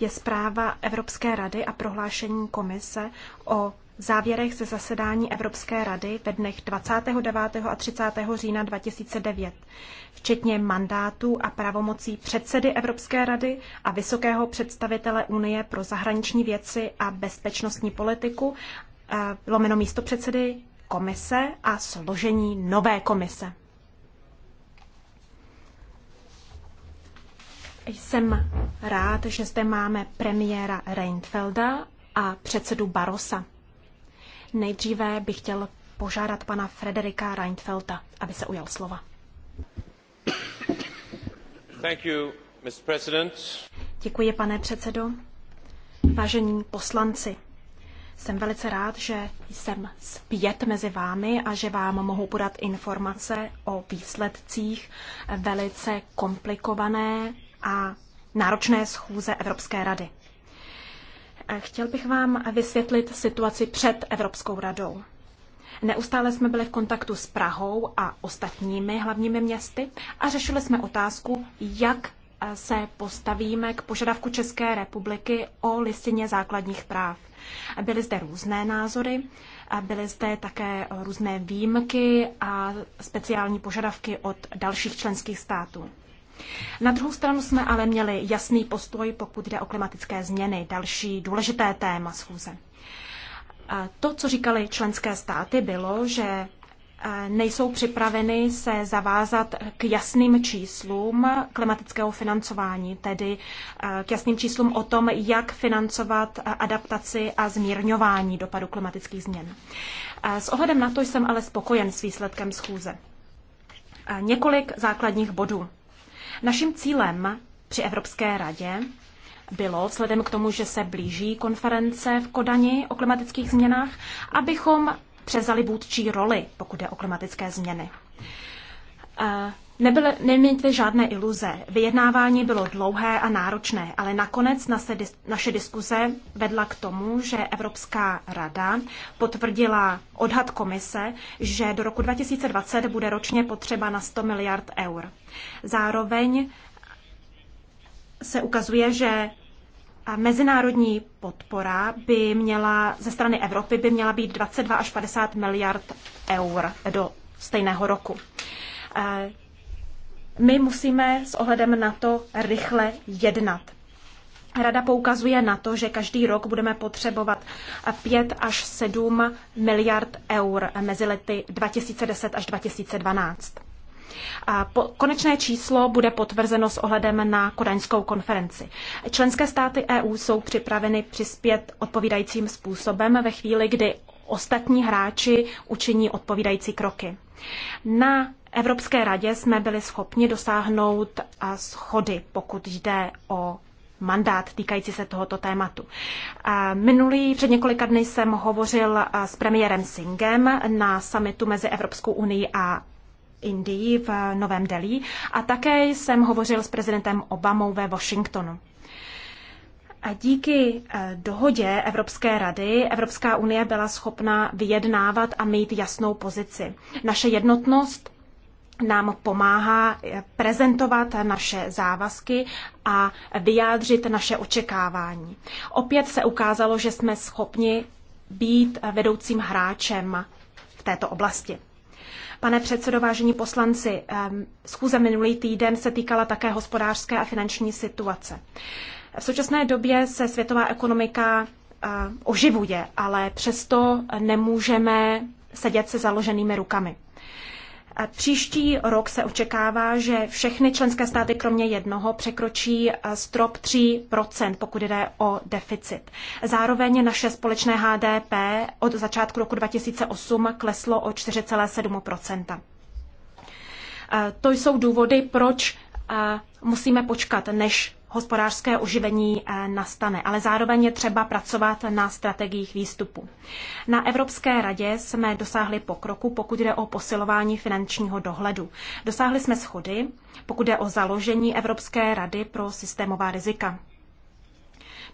je zpráva Evropské rady a prohlášení komise o závěrech ze zasedání Evropské rady ve dnech 29. a 30. října 2009, včetně mandátů a pravomocí předsedy Evropské rady a vysokého představitele Unie pro zahraniční věci a bezpečnostní politiku, eh, lomeno místo předsedy komise a složení nové komise. Jsem rád, že zde máme premiéra Reinfelda a předsedu Barosa. Nejdříve bych chtěl požádat pana Frederika Reinfelda, aby se ujal slova. Thank you, Mr. President. Děkuji, pane předsedo. Vážení poslanci, jsem velice rád, že jsem zpět mezi vámi a že vám mohu podat informace o výsledcích velice komplikované a náročné schůze Evropské rady. Eh, chtěl bych vám vysvětlit situaci před Evropskou radou. Neustále jsme byli v kontaktu s Prahou a ostatními hlavními městy a řešili jsme otázku, jak eh, se postavíme k požadavku České republiky o listině základních práv. Byly zde různé názory, byly zde také různé výjimky a speciální požadavky od dalších členských států. Na druhou stranu jsme ale měli jasný postoj, pokud jde o klimatické změny, další důležité téma schůze. To, co říkali členské státy, bylo, že e, nejsou připraveny se zavázat k jasným číslům klimatického financování, tedy e, k jasným číslům o tom, jak financovat adaptaci a zmírňování dopadu klimatických změn. E, s ohledem na to jsem ale spokojen s výsledkem schůze. Několik základních bodů. Naším cílem při Evropské radě bylo, vzhledem k tomu, že se blíží konference v Kodani o klimatických změnách, abychom převzali vůdčí roli, pokud jde o klimatické změny. Eh, Nebyly, neměňte žádné iluze. Vyjednávání bylo dlouhé a náročné, ale nakonec naše, naše diskuze vedla k tomu, že Evropská rada potvrdila odhad komise, že do roku 2020 bude ročně potřeba na 100 miliard eur. Zároveň se ukazuje, že mezinárodní podpora by měla ze strany Evropy by měla být 22 až 50 miliard eur do stejného roku. My musíme s ohledem na to rychle jednat. Rada poukazuje na to, že každý rok budeme potřebovat 5 až 7 miliard eur mezi lety 2010 až 2012. A po, konečné číslo bude potvrzeno s ohledem na kodaňskou konferenci. Členské státy EU jsou připraveny přispět odpovídajícím způsobem ve chvíli, kdy ostatní hráči učiní odpovídající kroky. Na Evropské radě jsme byli schopni dosáhnout schody, pokud jde o mandát týkající se tohoto tématu. Minulý, před několika dny jsem hovořil s premiérem Singem na summitu mezi Evropskou unii a Indii v Novém Delhi a také jsem hovořil s prezidentem Obamou ve Washingtonu. A díky e, dohodě Evropské rady Evropská unie byla schopna vyjednávat a mít jasnou pozici. Naše jednotnost nám pomáhá eh, prezentovat naše závazky a vyjádřit naše očekávání. Opět se ukázalo, že jsme schopni být vedoucím hráčem v této oblasti. Pane předsedo, vážení poslanci, eh, schůze minulý týden se týkala také hospodářské a finanční situace. V současné době se světová ekonomika eh, oživuje, ale přesto nemůžeme sedět se založenými rukami. Příští rok se očekává, že všechny členské státy kromě jednoho překročí eh, strop 3 pokud jde o deficit. Zároveň naše společné HDP od začátku roku 2008 kleslo o 4,7 eh, To jsou důvody, proč eh, musíme počkat, než hospodářské oživení eh, nastane, ale zároveň je třeba pracovat na strategiích výstupu. Na Evropské radě jsme dosáhli pokroku, pokud jde o posilování finančního dohledu. Dosáhli jsme schody, pokud jde o založení Evropské rady pro systémová rizika.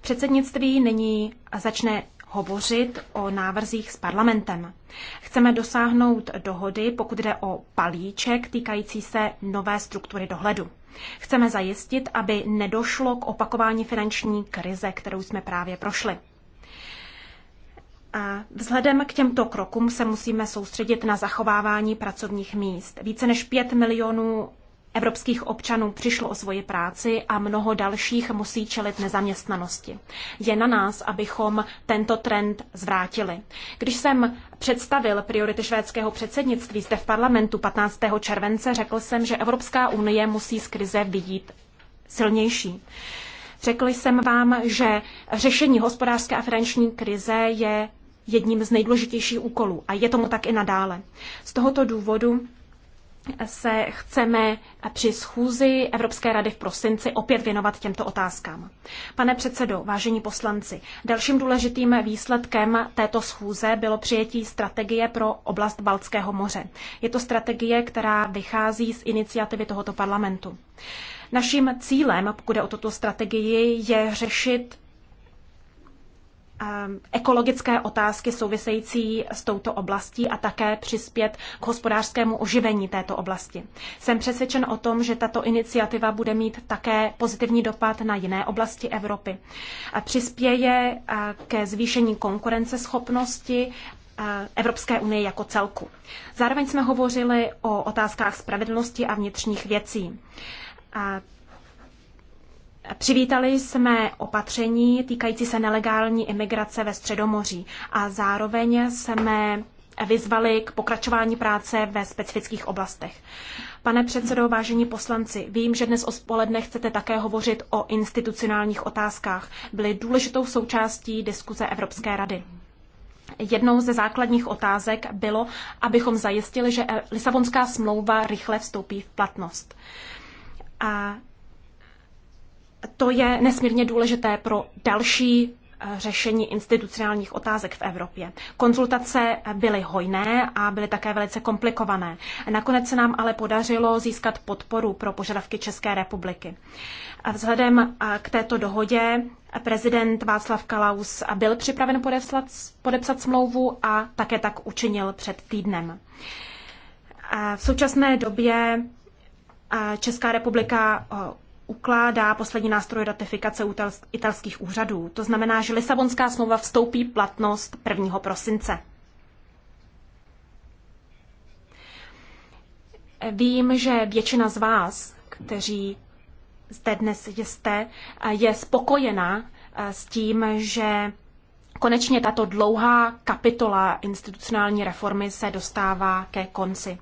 Předsednictví nyní začne hovořit o návrzích s parlamentem. Chceme dosáhnout dohody, pokud jde o palíček týkající se nové struktury dohledu. Chceme zajistit, aby nedošlo k opakování finanční krize, kterou jsme právě prošli. A vzhledem k těmto krokům se musíme soustředit na zachovávání pracovních míst. Více než 5 milionů evropských občanů přišlo o svoji práci a mnoho dalších musí čelit nezaměstnanosti. Je na nás, abychom tento trend zvrátili. Když jsem představil priority švédského předsednictví zde v parlamentu 15. července, řekl jsem, že Evropská unie musí z krize vidět silnější. Řekl jsem vám, že řešení hospodářské a finanční krize je jedním z nejdůležitějších úkolů a je tomu tak i nadále. Z tohoto důvodu se chceme při schůzi Evropské rady v prosinci opět věnovat těmto otázkám. Pane předsedo, vážení poslanci, dalším důležitým výsledkem této schůze bylo přijetí strategie pro oblast Baltského moře. Je to strategie, která vychází z iniciativy tohoto parlamentu. Naším cílem, pokud je o tuto strategii, je řešit Ehm, ekologické otázky související s touto oblastí a také přispět k hospodářskému oživení této oblasti. Jsem přesvědčen o tom, že tato iniciativa bude mít také pozitivní dopad na jiné oblasti Evropy. Přispěje eh, ke zvýšení konkurenceschopnosti eh, Evropské unie jako celku. Zároveň jsme hovořili o otázkách spravedlnosti a vnitřních věcí. Přivítali jsme opatření týkající se nelegální imigrace ve Středomoří a zároveň jsme vyzvali k pokračování práce ve specifických oblastech. Pane předsedo, vážení poslanci, vím, že dnes odpoledne chcete také hovořit o institucionálních otázkách. Byly důležitou součástí diskuze Evropské rady. Jednou ze základních otázek bylo, abychom zajistili, že Lisabonská smlouva rychle vstoupí v platnost. A to je nesmírně důležité pro další eh, řešení institucionálních otázek v Evropě. Konzultace eh, byly hojné a byly také velice komplikované. Nakonec se nám ale podařilo získat podporu pro požadavky České republiky. Vzhledem eh, k této dohodě prezident Václav Kalaus byl připraven podepsat, podepsat smlouvu a také tak učinil před týdnem. V současné době Česká republika ukládá poslední nástroj ratifikace italských úřadů. To znamená, že Lisabonská smlouva vstoupí platnost 1. prosince. Vím, že většina z vás, kteří zde dnes jste, je spokojena eh, s tím, že konečně tato dlouhá kapitola institucionální reformy se dostává ke konci.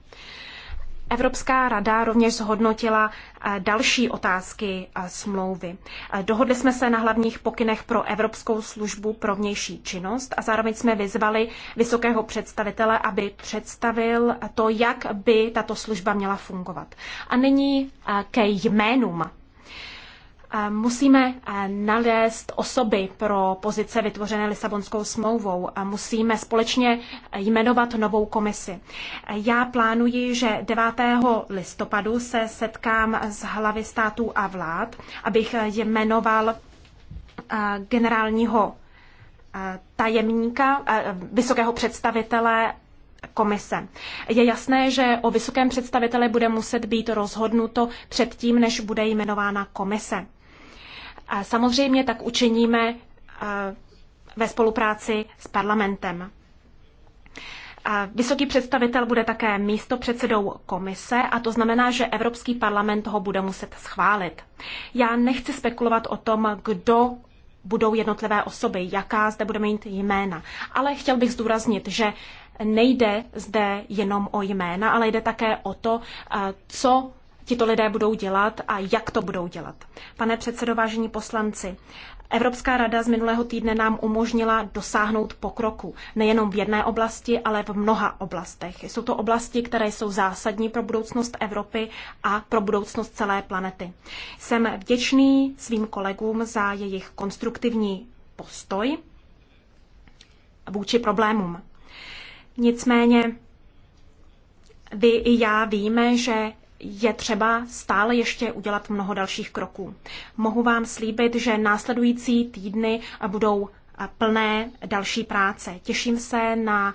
Evropská rada rovněž zhodnotila eh, další otázky eh, smlouvy. Eh, dohodli jsme se na hlavních pokynech pro Evropskou službu pro vnější činnost a zároveň jsme vyzvali vysokého představitele, aby představil to, jak by tato služba měla fungovat. A nyní ke jménům Musíme eh, nalézt osoby pro pozice vytvořené Lisabonskou smlouvou a musíme společně eh, jmenovat novou komisi. Eh, já plánuji, že 9. listopadu se setkám s hlavy států a vlád, abych jmenoval generálního tajemníka, vysokého představitele komise. Je jasné, že o vysokém představiteli bude muset být rozhodnuto předtím, než bude jmenována komise. A samozřejmě tak učiníme eh, ve spolupráci s parlamentem. vysoký představitel bude také místo předsedou komise a to znamená, že Evropský parlament ho bude muset schválit. Já nechci spekulovat o tom, kdo budou jednotlivé osoby, jaká zde bude mít jména. Ale chtěl bych zdůraznit, že nejde zde jenom o jména, ale jde také o to, eh, co tito lidé budou dělat a jak to budou dělat. Pane předsedo, vážení poslanci, Evropská rada z minulého týdne nám umožnila dosáhnout pokroku nejenom v jedné oblasti, ale v mnoha oblastech. Jsou to oblasti, které jsou zásadní pro budoucnost Evropy a pro budoucnost celé planety. Jsem vděčný svým kolegům za jejich konstruktivní postoj vůči problémům. Nicméně vy i já víme, že je třeba stále ještě udělat mnoho dalších kroků. Mohu vám slíbit, že následující týdny budou eh, plné další práce. Těším se na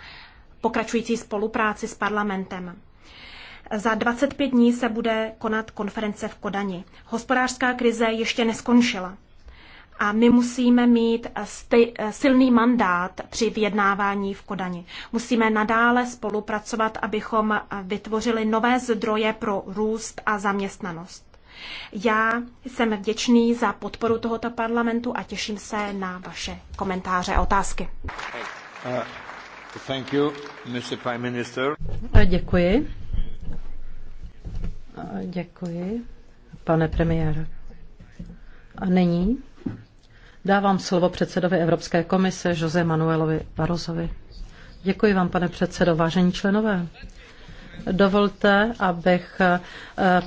pokračující spolupráci s parlamentem. Za 25 dní se bude konat konference v Kodani. Hospodářská krize ještě neskončila. A my musíme mít silný mandát při vyjednávání v Kodani. Musíme nadále spolupracovat, abychom vytvořili nové zdroje pro růst a zaměstnanost. Já jsem vděčný za podporu tohoto parlamentu a těším se na vaše komentáře a otázky. Thank you, Mr. Prime Minister. Děkuji. Děkuji, pane premiére. A není? Dávám slovo předsedovi Evropské komise Jose Manuelovi Barozovi. Děkuji vám, pane předsedo, vážení členové. Dovolte, abych eh,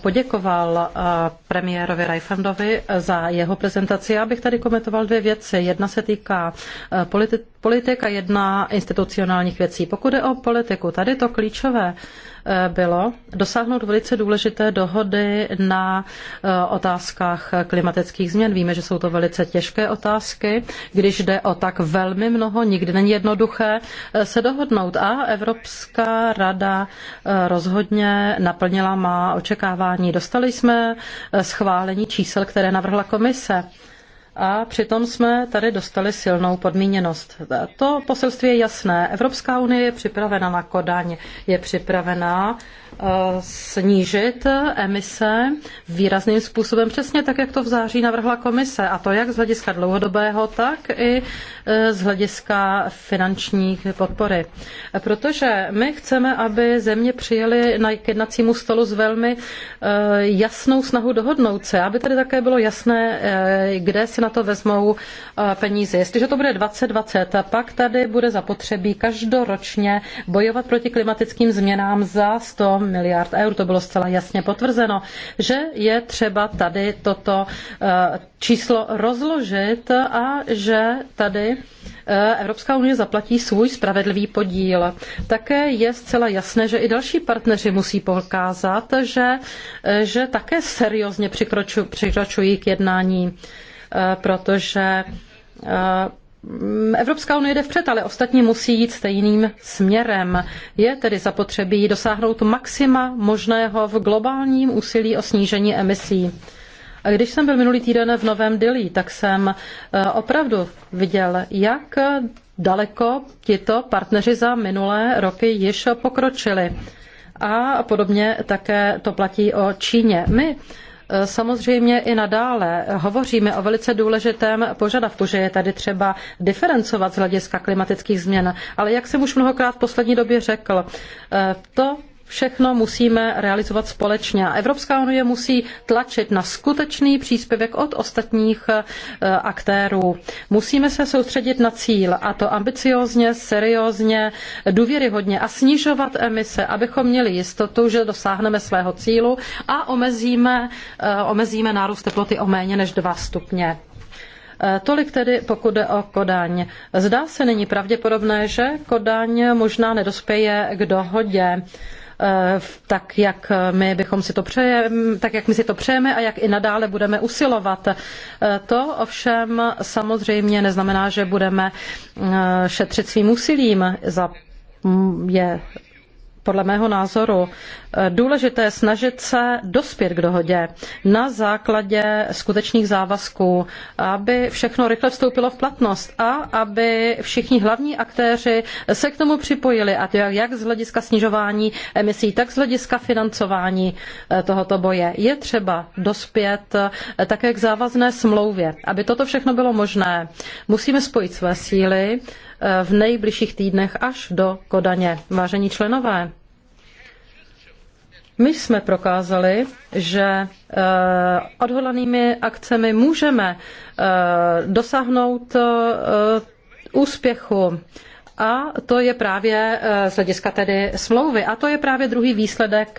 poděkoval eh, premiérovi Reifendovi eh, za jeho prezentaci. Já bych tady komentoval dvě věci. Jedna se týká politik a jedna institucionálních věcí. Pokud je o politiku, tady to klíčové Eh, bylo dosáhnout velice důležité dohody na eh, otázkách klimatických změn. Víme, že jsou to velice těžké otázky, když jde o tak velmi mnoho, nikdy není jednoduché eh, se dohodnout. A Evropská rada rozhodně naplnila má očekávání. Dostali jsme schválení čísel, které navrhla komise a přitom jsme tady dostali silnou podmíněnost. To poselství je jasné. Evropská unie je připravena na Kodaň, je připravená Eh, snížit emise výrazným způsobem, přesně tak, jak to v září navrhla komise, a to jak z hlediska dlouhodobého, tak i eh, z hlediska finančních podpory. Protože my chceme, aby země přijeli na jednacímu stolu s velmi eh, jasnou snahu dohodnout se, aby tedy také bylo jasné, kde si na to vezmou peníze. Jestliže to bude 2020, pak tady bude zapotřebí každoročně bojovat proti klimatickým změnám za 100 miliard eur. To bylo zcela jasně potvrzeno, že je třeba tady toto eh, číslo rozložit a že tady eh, Evropská unie zaplatí svůj spravedlivý podíl. Také je zcela jasné, že i další partneři musí pokázat, že, eh, že také seriózně přikročují k jednání, protože Mm, Evropská unie jde vpřed, ale ostatní musí jít stejným směrem. Je tedy zapotřebí dosáhnout maxima možného v globálním úsilí o snížení emisí. A když jsem byl minulý týden v Novém Dili, tak jsem eh, opravdu viděl, jak daleko tito partneři za minulé roky již pokročili. A podobně také to platí o Číně. My samozřejmě i nadále hovoříme o velice důležitém požadavku, že je tady třeba diferencovat z hlediska klimatických změn, ale jak jsem už mnohokrát v poslední době řekl, eh, to všechno musíme realizovat společně. A Evropská unie musí tlačit na skutečný příspěvek od ostatních eh, aktérů. Musíme se soustředit na cíl, a to ambiciózně, seriózně, důvěryhodně a snižovat emise, abychom měli jistotu, že dosáhneme svého cílu a omezíme, eh, omezíme nárůst teploty o méně než 2 stupně. Eh, tolik tedy, pokud jde o Kodaň. Zdá se není pravděpodobné, že Kodaň možná nedospěje k dohodě. Eh, tak jak my bychom si to přejeme, tak jak my si to přejeme a jak i nadále budeme usilovat. Eh, to ovšem samozřejmě neznamená, že budeme eh, šetřit svým úsilím. Za, je podle mého názoru Eh, důležité snažit se dospět k dohodě na základě skutečných závazků, aby všechno rychle vstoupilo v platnost a aby všichni hlavní aktéři se k tomu připojili, a to jak z hlediska snižování emisí, tak z hlediska financování eh, tohoto boje. Je třeba dospět eh, také k závazné smlouvě. Aby toto všechno bylo možné, musíme spojit své síly v nejbližších týdnech až do Kodaně. Vážení členové, my jsme prokázali, že eh, odhodlanými akcemi můžeme eh, dosáhnout eh, úspěchu. A to je právě z hlediska tedy smlouvy. A to je právě druhý výsledek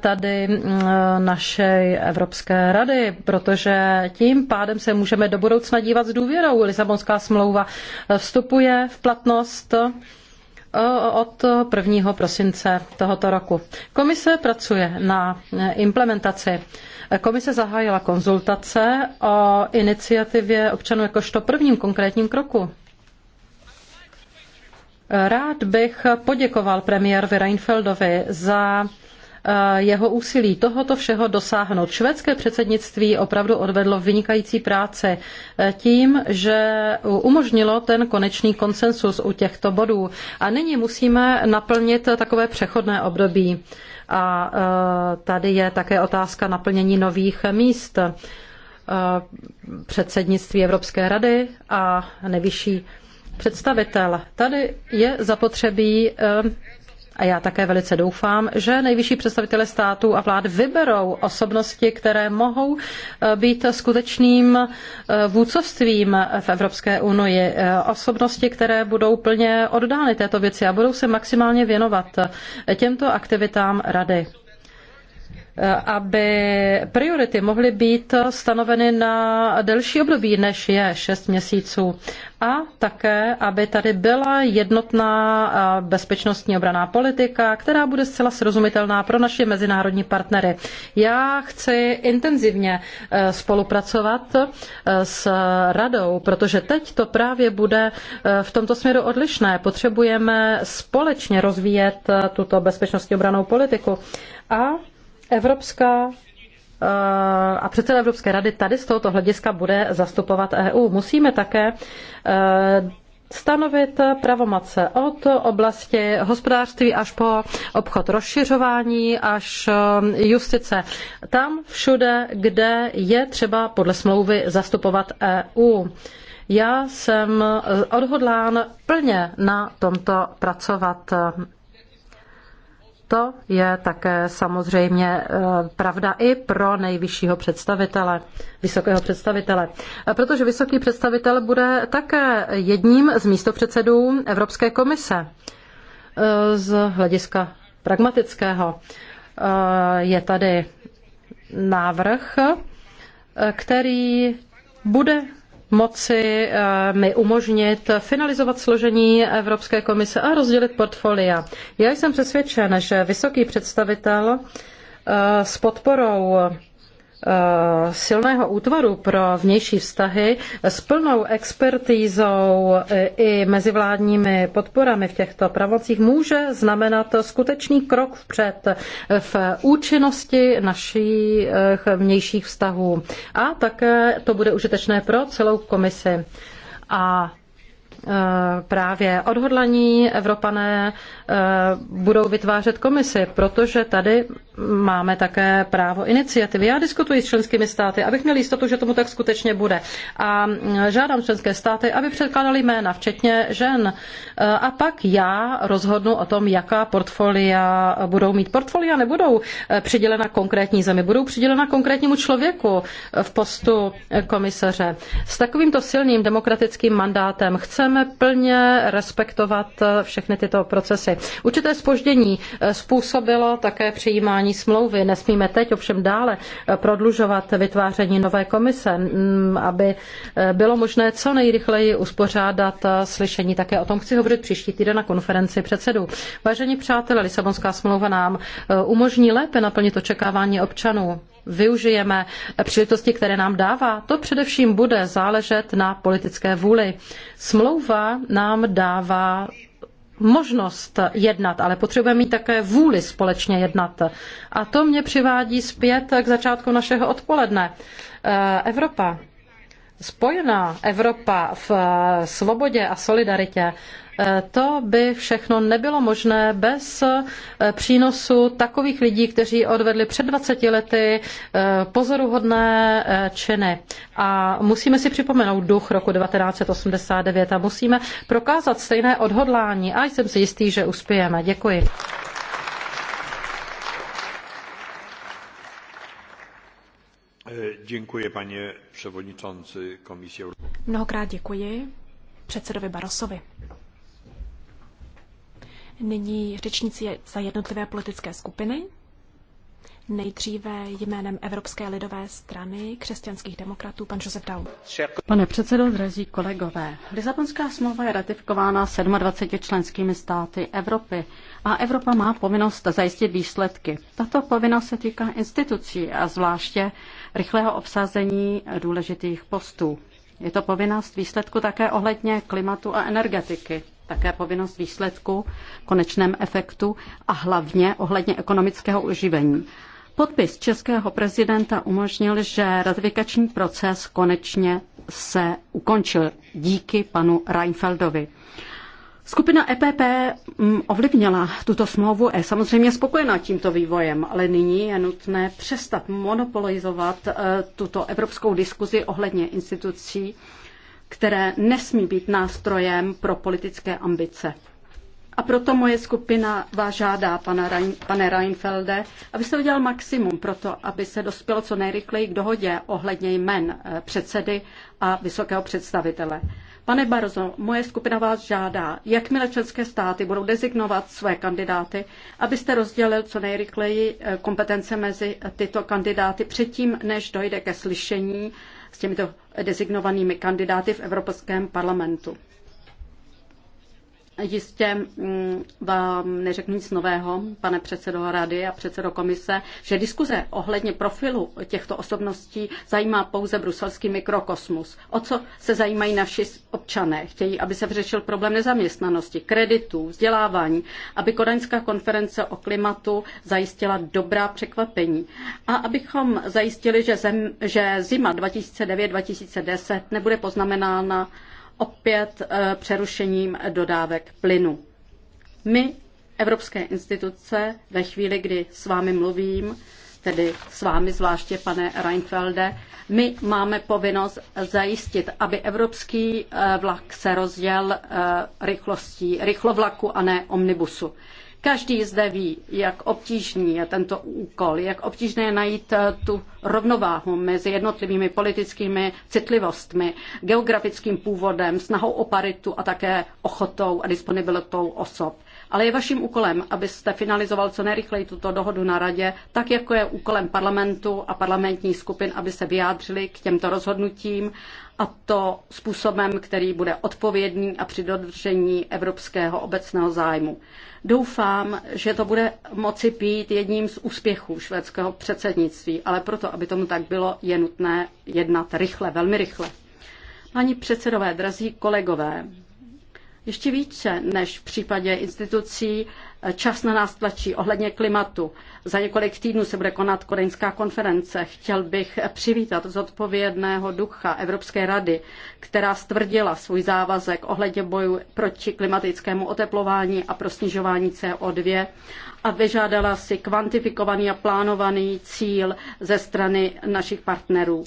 tady naší Evropské rady, protože tím pádem se můžeme do budoucna dívat s důvěrou. Lisabonská smlouva vstupuje v platnost od 1. prosince tohoto roku. Komise pracuje na implementaci. Komise zahájila konzultace o iniciativě občanů jakožto prvním konkrétním kroku. Rád bych poděkoval premiérovi Reinfeldovi za Eh, jeho úsilí tohoto všeho dosáhnout. Švédské předsednictví opravdu odvedlo vynikající práce eh, tím, že umožnilo ten konečný konsensus u těchto bodů. A nyní musíme naplnit takové přechodné období. A eh, tady je také otázka naplnění nových míst předsednictví Evropské rady a nejvyšší představitel. Tady je zapotřebí a já také velice doufám, že nejvyšší představitelé států a vlád vyberou osobnosti, které mohou eh, být skutečným eh, vůcovstvím v Evropské unii. Eh, osobnosti, které budou plně oddány této věci a budou se maximálně věnovat těmto aktivitám rady. Eh, aby priority mohly být stanoveny na delší období, než je 6 měsíců. A také, aby tady byla jednotná eh, bezpečnostní obraná politika, která bude zcela srozumitelná pro naše mezinárodní partnery. Já chci intenzivně eh, spolupracovat s radou, protože teď to právě bude v tomto směru odlišné. Potřebujeme společně rozvíjet tuto bezpečnostní obranou politiku. A Evropská eh, a předseda Evropské rady tady z tohoto hlediska bude zastupovat EU. Musíme také eh, stanovit pravomoce od oblasti hospodářství až po obchod rozšiřování, až eh, justice. Tam všude, kde je třeba podle smlouvy zastupovat EU. Já jsem odhodlán plně na tomto pracovat to je také samozřejmě e, pravda i pro nejvyššího představitele, vysokého představitele, e, protože vysoký představitel bude také jedním z místopředsedů Evropské komise e, z hlediska pragmatického. Je tady návrh, který bude moci eh, mi umožnit finalizovat složení Evropské komise a rozdělit portfolia. Já jsem přesvědčen, že vysoký představitel eh, s podporou Eh, silného útvaru pro vnější vztahy s plnou expertízou eh, i mezivládními podporami v těchto pravocích může znamenat skutečný krok vpřed v účinnosti našich vnějších vztahů. A také to bude užitečné pro celou komisi. A Eh, právě odhodlaní Evropané eh, budou vytvářet komisi, protože tady máme také právo iniciativy. Já diskutuji s členskými státy, abych měl jistotu, že tomu tak skutečně bude. A mm, žádám členské státy, aby předkládali jména, včetně žen. Eh, a pak já rozhodnu o tom, jaká portfolia budou mít. Portfolia nebudou přidělena konkrétní zemi, budou přidělena konkrétnímu člověku v postu komisaře. S takovýmto silným demokratickým mandátem chceme chceme plně respektovat všechny tyto procesy. Určité spoždění eh, způsobilo také přijímání smlouvy. Nesmíme teď ovšem dále eh, prodlužovat vytváření nové komise, mm, aby eh, bylo možné co nejrychleji uspořádat slyšení. Také o tom chci hovořit příští týden na konferenci předsedů. Vážení přátelé, Lisabonská smlouva nám umožní lépe naplnit očekávání občanů využijeme příležitosti, které nám dává, to především bude záležet na politické vůli. Smlouva nám dává možnost jednat, ale potřebujeme mít také vůli společně jednat. A to mě přivádí zpět k začátku našeho odpoledne. Eh, Evropa spojená Evropa v eh, svobodě a solidaritě, eh, to by všechno nebylo možné bez eh, přínosu takových lidí, kteří odvedli před 20 lety pozoruhodné činy. A musíme si připomenout duch roku 1989 a musíme prokázat stejné odhodlání. A jsem si jistý, že uspějeme. Děkuji. Děkuji, pane předsedající komisie. Mnohokrát děkuji předsedovi Barosovi. Nyní řečníci za jednotlivé politické skupiny. Nejdříve jménem Evropské lidové strany křesťanských demokratů pan Josef Dau. Pane předsedo, drazí kolegové, Lisabonská smlouva je ratifikována 27 členskými státy Evropy a Evropa má povinnost zajistit výsledky. Tato povinnost se týká institucí a zvláště rychlého obsazení důležitých postů. Je to povinnost výsledku také ohledně klimatu a energetiky také povinnost výsledku, konečném efektu a hlavně ohledně ekonomického uživení. Podpis českého prezidenta umožnil, že ratifikační proces konečně se ukončil díky panu Reinfeldovi. Skupina EPP mm, ovlivnila tuto smlouvu je samozřejmě spokojená tímto vývojem, ale nyní je nutné přestat monopolizovat e, tuto evropskou diskuzi ohledně institucí, které nesmí být nástrojem pro politické ambice. A proto moje skupina vás žádá, pana Rein, pane Reinfelde, abyste udělal maximum pro to, aby se dospělo co nejrychleji k dohodě ohledně jmen eh, předsedy a vysokého představitele. Pane Barzo, moje skupina vás žádá, jakmile členské státy budou dezignovat své kandidáty, abyste rozdělil co nejrychleji eh, kompetence mezi tyto kandidáty předtím, než dojde ke slyšení s těmito dezignovanými kandidáty v Evropském parlamentu. Jistě mm, vám neřeknu nic nového, pane předsedo rady a předsedo komise, že diskuze ohledně profilu těchto osobností zajímá pouze bruselský mikrokosmus. O co se zajímají naši občané? Chtějí, aby se vyřešil problém nezaměstnanosti, kreditů, vzdělávání, aby Kodaňská konference o klimatu zajistila dobrá překvapení a abychom zajistili, že, zem, že zima 2009-2010 nebude poznamenána opět eh, přerušením dodávek plynu. My, evropské instituce, ve chvíli, kdy s vámi mluvím, tedy s vámi zvláště, pane Reinfelde, my máme povinnost zajistit, aby evropský eh, vlak se rozděl eh, rychlostí rychlovlaku a ne omnibusu. Každý zde ví, jak obtížný je tento úkol, jak obtížné je najít eh, tu rovnováhu mezi jednotlivými politickými citlivostmi, geografickým původem, snahou o paritu a také ochotou a disponibilitou osob. Ale je vaším úkolem, abyste finalizoval co nejrychleji tuto dohodu na radě, tak jako je úkolem parlamentu a parlamentní skupin, aby se vyjádřili k těmto rozhodnutím a to způsobem, který bude odpovědný a při dodržení evropského obecného zájmu. Doufám, že to bude moci být jedním z úspěchů švédského předsednictví, ale proto, aby tomu tak bylo, je nutné jednat rychle, velmi rychle. Páni předsedové, drazí kolegové, ještě více než v případě institucí. Čas na nás tlačí ohledně klimatu. Za několik týdnů se bude konat koreňská konference. Chtěl bych přivítat zodpovědného ducha Evropské rady, která stvrdila svůj závazek ohledně boju proti klimatickému oteplování a pro snižování CO2 a vyžádala si kvantifikovaný a plánovaný cíl ze strany našich partnerů.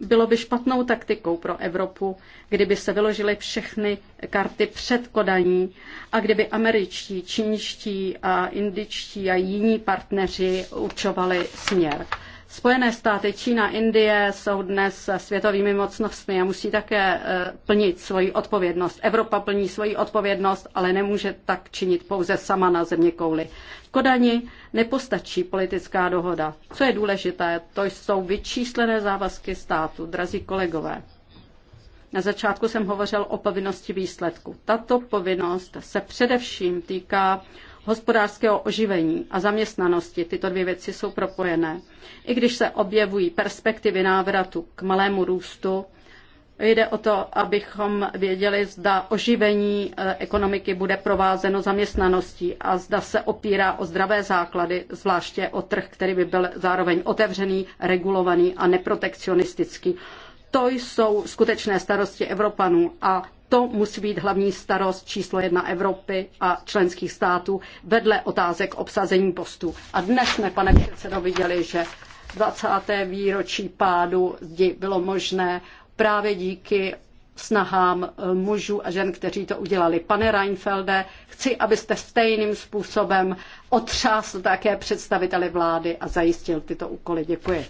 Bylo by špatnou taktikou pro Evropu, kdyby se vyložily všechny karty před kodaní a kdyby američtí, čínští a indičtí a jiní partneři určovali směr. Spojené státy, Čína, Indie jsou dnes světovými mocnostmi a musí také e, plnit svoji odpovědnost. Evropa plní svoji odpovědnost, ale nemůže tak činit pouze sama na země kouli. Kodani nepostačí politická dohoda. Co je důležité, to jsou vyčíslené závazky státu, drazí kolegové. Na začátku jsem hovořil o povinnosti výsledku. Tato povinnost se především týká hospodářského oživení a zaměstnanosti. Tyto dvě věci jsou propojené. I když se objevují perspektivy návratu k malému růstu, Jde o to, abychom věděli, zda oživení e, ekonomiky bude provázeno zaměstnaností a zda se opírá o zdravé základy, zvláště o trh, který by byl zároveň otevřený, regulovaný a neprotekcionistický. To jsou skutečné starosti Evropanů a to musí být hlavní starost číslo jedna Evropy a členských států vedle otázek obsazení postů. A dnes jsme, pane předsedo, viděli, že 20. výročí pádu zdi bylo možné právě díky snahám eh, mužů a žen, kteří to udělali. Pane Reinfelde, chci, abyste stejným způsobem otřásl také představiteli vlády a zajistil tyto úkoly. Děkuji.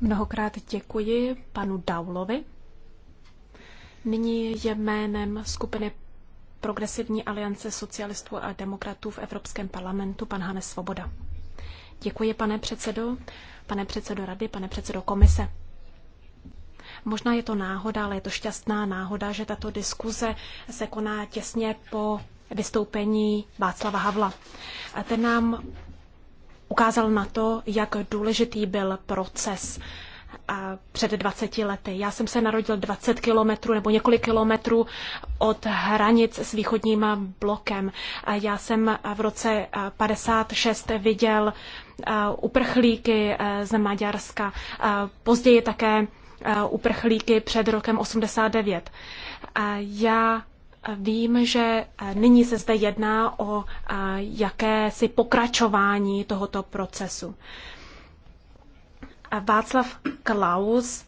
Mnohokrát děkuji panu Daulovi. Nyní je jménem skupiny Progresivní aliance socialistů a demokratů v Evropském parlamentu pan Hane Svoboda. Děkuji, pane předsedo, pane předsedo rady, pane předsedo komise. Možná je to náhoda, ale je to šťastná náhoda, že tato diskuze se koná těsně po vystoupení Václava Havla. A ten nám ukázal na to, jak důležitý byl proces před 20 lety. Já jsem se narodil 20 kilometrů nebo několik kilometrů od hranic s východním blokem. Já jsem v roce 56 viděl uprchlíky e, z Maďarska, později také e, uprchlíky před rokem 89. Já Vím, že nyní se zde jedná o jakési pokračování tohoto procesu. Václav Klaus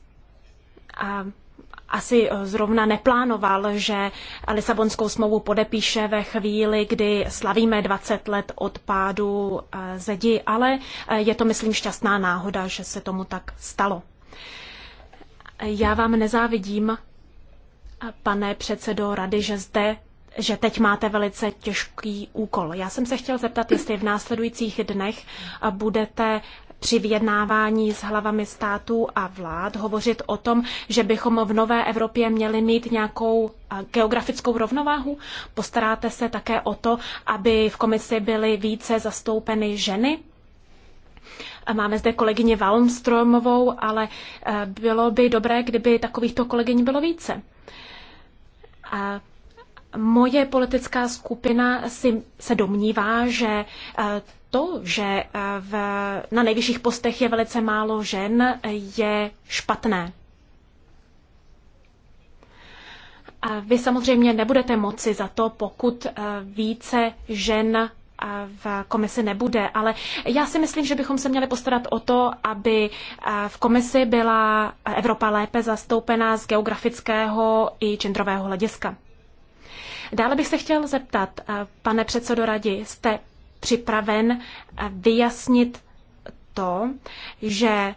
asi zrovna neplánoval, že Lisabonskou smlouvu podepíše ve chvíli, kdy slavíme 20 let od pádu zedi, ale je to, myslím, šťastná náhoda, že se tomu tak stalo. Já vám nezávidím pane předsedo rady, že zde že teď máte velice těžký úkol. Já jsem se chtěl zeptat, jestli v následujících dnech budete při vyjednávání s hlavami států a vlád hovořit o tom, že bychom v nové Evropě měli mít nějakou geografickou rovnováhu? Postaráte se také o to, aby v komisi byly více zastoupeny ženy? Máme zde kolegyně Valmstromovou, ale e, bylo by dobré, kdyby takovýchto kolegyň bylo více. Moje politická skupina si, se domnívá, že eh, to, že eh, v, na nejvyšších postech je velice málo žen, je špatné. A vy samozřejmě nebudete moci za to, pokud eh, více žen v komisi nebude, ale já si myslím, že bychom se měli postarat o to, aby v komisi byla Evropa lépe zastoupená z geografického i genderového hlediska. Dále bych se chtěl zeptat, pane předsedo radi, jste připraven vyjasnit to, že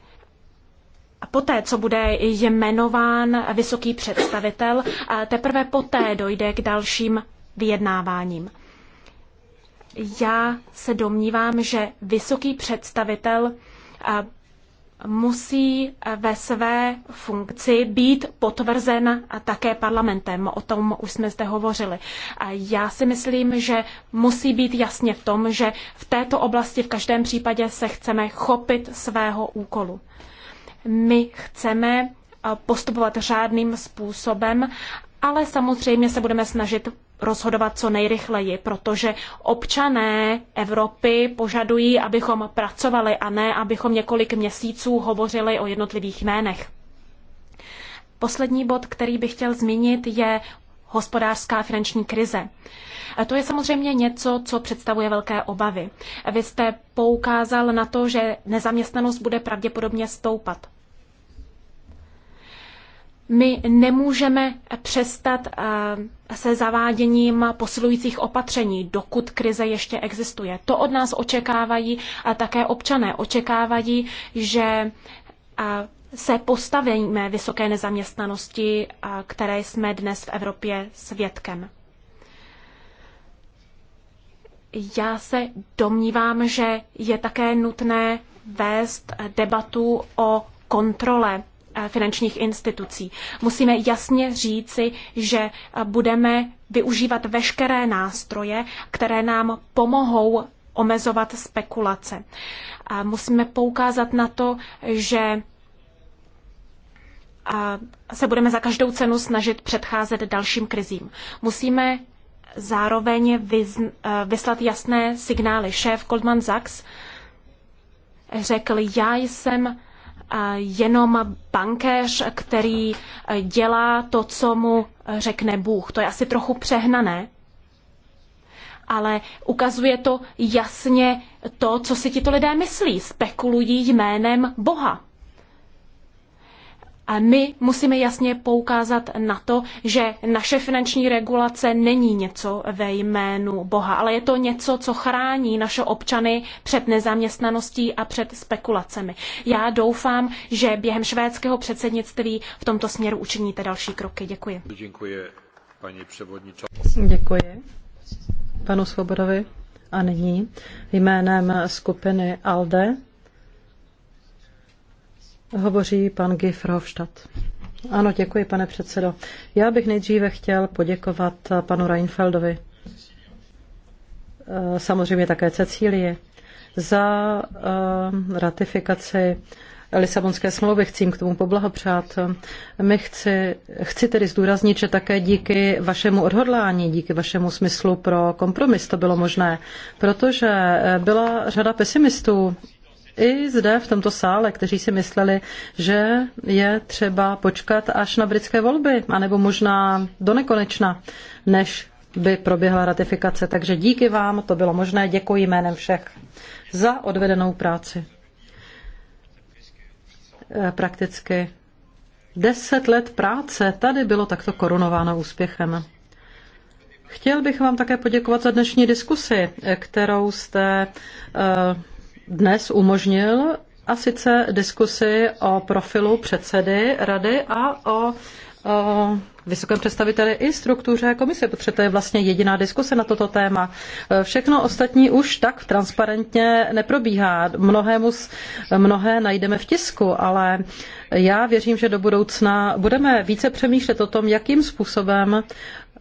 poté, co bude jmenován vysoký představitel, teprve poté dojde k dalším vyjednáváním já se domnívám, že vysoký představitel eh, musí eh, ve své funkci být potvrzen také parlamentem. O tom už jsme zde hovořili. A já si myslím, že musí být jasně v tom, že v této oblasti v každém případě se chceme chopit svého úkolu. My chceme eh, postupovat řádným způsobem, ale samozřejmě se budeme snažit rozhodovat co nejrychleji, protože občané Evropy požadují, abychom pracovali a ne, abychom několik měsíců hovořili o jednotlivých jménech. Poslední bod, který bych chtěl zmínit, je hospodářská finanční krize. A to je samozřejmě něco, co představuje velké obavy. Vy jste poukázal na to, že nezaměstnanost bude pravděpodobně stoupat. My nemůžeme přestat eh, se zaváděním posilujících opatření, dokud krize ještě existuje. To od nás očekávají a také občané. Očekávají, že eh, se postavíme vysoké nezaměstnanosti, eh, které jsme dnes v Evropě svědkem. Já se domnívám, že je také nutné vést debatu o kontrole Eh, finančních institucí. Musíme jasně říci, že eh, budeme využívat veškeré nástroje, které nám pomohou omezovat spekulace. A eh, musíme poukázat na to, že se budeme za každou cenu snažit předcházet dalším krizím. Musíme zároveň vyslat jasné signály. Šéf Goldman Sachs řekl, já jsem jenom bankéř, který eh, dělá to, co mu eh, řekne Bůh. To je asi trochu přehnané, ale ukazuje to jasně to, co si tito lidé myslí. Spekulují jménem Boha. A my musíme jasně poukázat na to, že naše finanční regulace není něco ve jménu Boha, ale je to něco, co chrání naše občany před nezaměstnaností a před spekulacemi. Já doufám, že během švédského předsednictví v tomto směru učiníte další kroky. Děkuji. Děkuji, paní převodnička. Děkuji panu Svobodovi. A nyní jménem skupiny ALDE Hovoří pan Gifrovštat. Ano, děkuji, pane předsedo. Já bych nejdříve chtěl poděkovat panu Reinfeldovi, eh, samozřejmě také Cecílii, za eh, ratifikaci Lisabonské smlouvy. Chci jim k tomu poblahopřát. My chci, chci tedy zdůraznit, že také díky vašemu odhodlání, díky vašemu smyslu pro kompromis to bylo možné, protože eh, byla řada pesimistů i zde v tomto sále, kteří si mysleli, že je třeba počkat až na britské volby, anebo možná do nekonečna, než by proběhla ratifikace. Takže díky vám, to bylo možné. Děkuji jménem všech za odvedenou práci. Eh, prakticky deset let práce tady bylo takto korunováno úspěchem. Chtěl bych vám také poděkovat za dnešní diskusi, eh, kterou jste eh, dnes umožnil a sice diskusi o profilu předsedy rady a o, o vysokém představiteli i struktuře komise, protože to je vlastně jediná diskuse na toto téma. Všechno ostatní už tak transparentně neprobíhá. Mnohému, mnohé najdeme v tisku, ale já věřím, že do budoucna budeme více přemýšlet o tom, jakým způsobem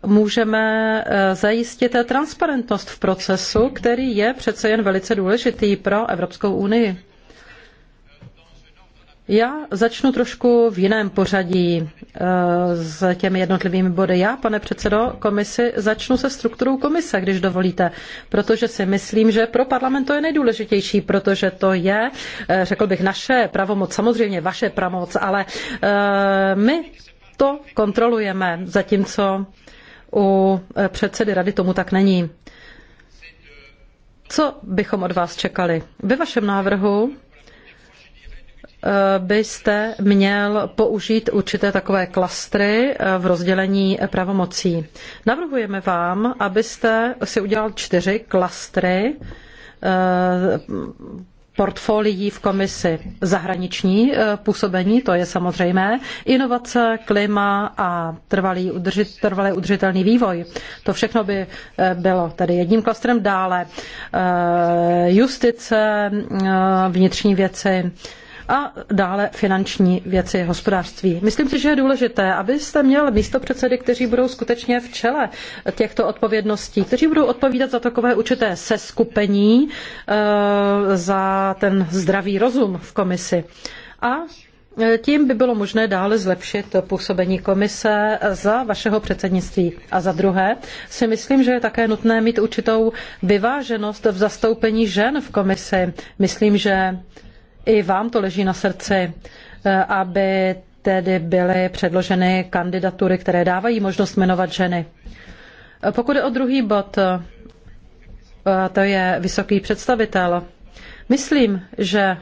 můžeme eh, zajistit transparentnost v procesu, který je přece jen velice důležitý pro Evropskou unii. Já začnu trošku v jiném pořadí eh, s těmi jednotlivými body. Já, pane předsedo komisi, začnu se strukturou komise, když dovolíte, protože si myslím, že pro parlament to je nejdůležitější, protože to je, eh, řekl bych, naše pravomoc, samozřejmě vaše pravomoc, ale my to kontrolujeme, zatímco u eh, předsedy rady tomu tak není. Co bychom od vás čekali? Ve vašem návrhu eh, byste měl použít určité takové klastry eh, v rozdělení pravomocí. Navrhujeme vám, abyste si udělal čtyři klastry portfolií v komisi zahraniční eh, působení, to je samozřejmé, inovace, klima a trvalý udržit, trvalý udržitelný vývoj. To všechno by eh, bylo tady jedním klastrem dále. Eh, justice, vnitřní věci, a dále finanční věci hospodářství. Myslím si, že je důležité, abyste měl místo předsedy, kteří budou skutečně v čele těchto odpovědností, kteří budou odpovídat za takové určité seskupení, eh, za ten zdravý rozum v komisi. A eh, tím by bylo možné dále zlepšit působení komise za vašeho předsednictví. A za druhé si myslím, že je také nutné mít určitou vyváženost v zastoupení žen v komisi. Myslím, že i vám to leží na srdci, eh, aby tedy byly předloženy kandidatury, které dávají možnost jmenovat ženy. Eh, pokud je o druhý bod, eh, to je vysoký představitel. Myslím, že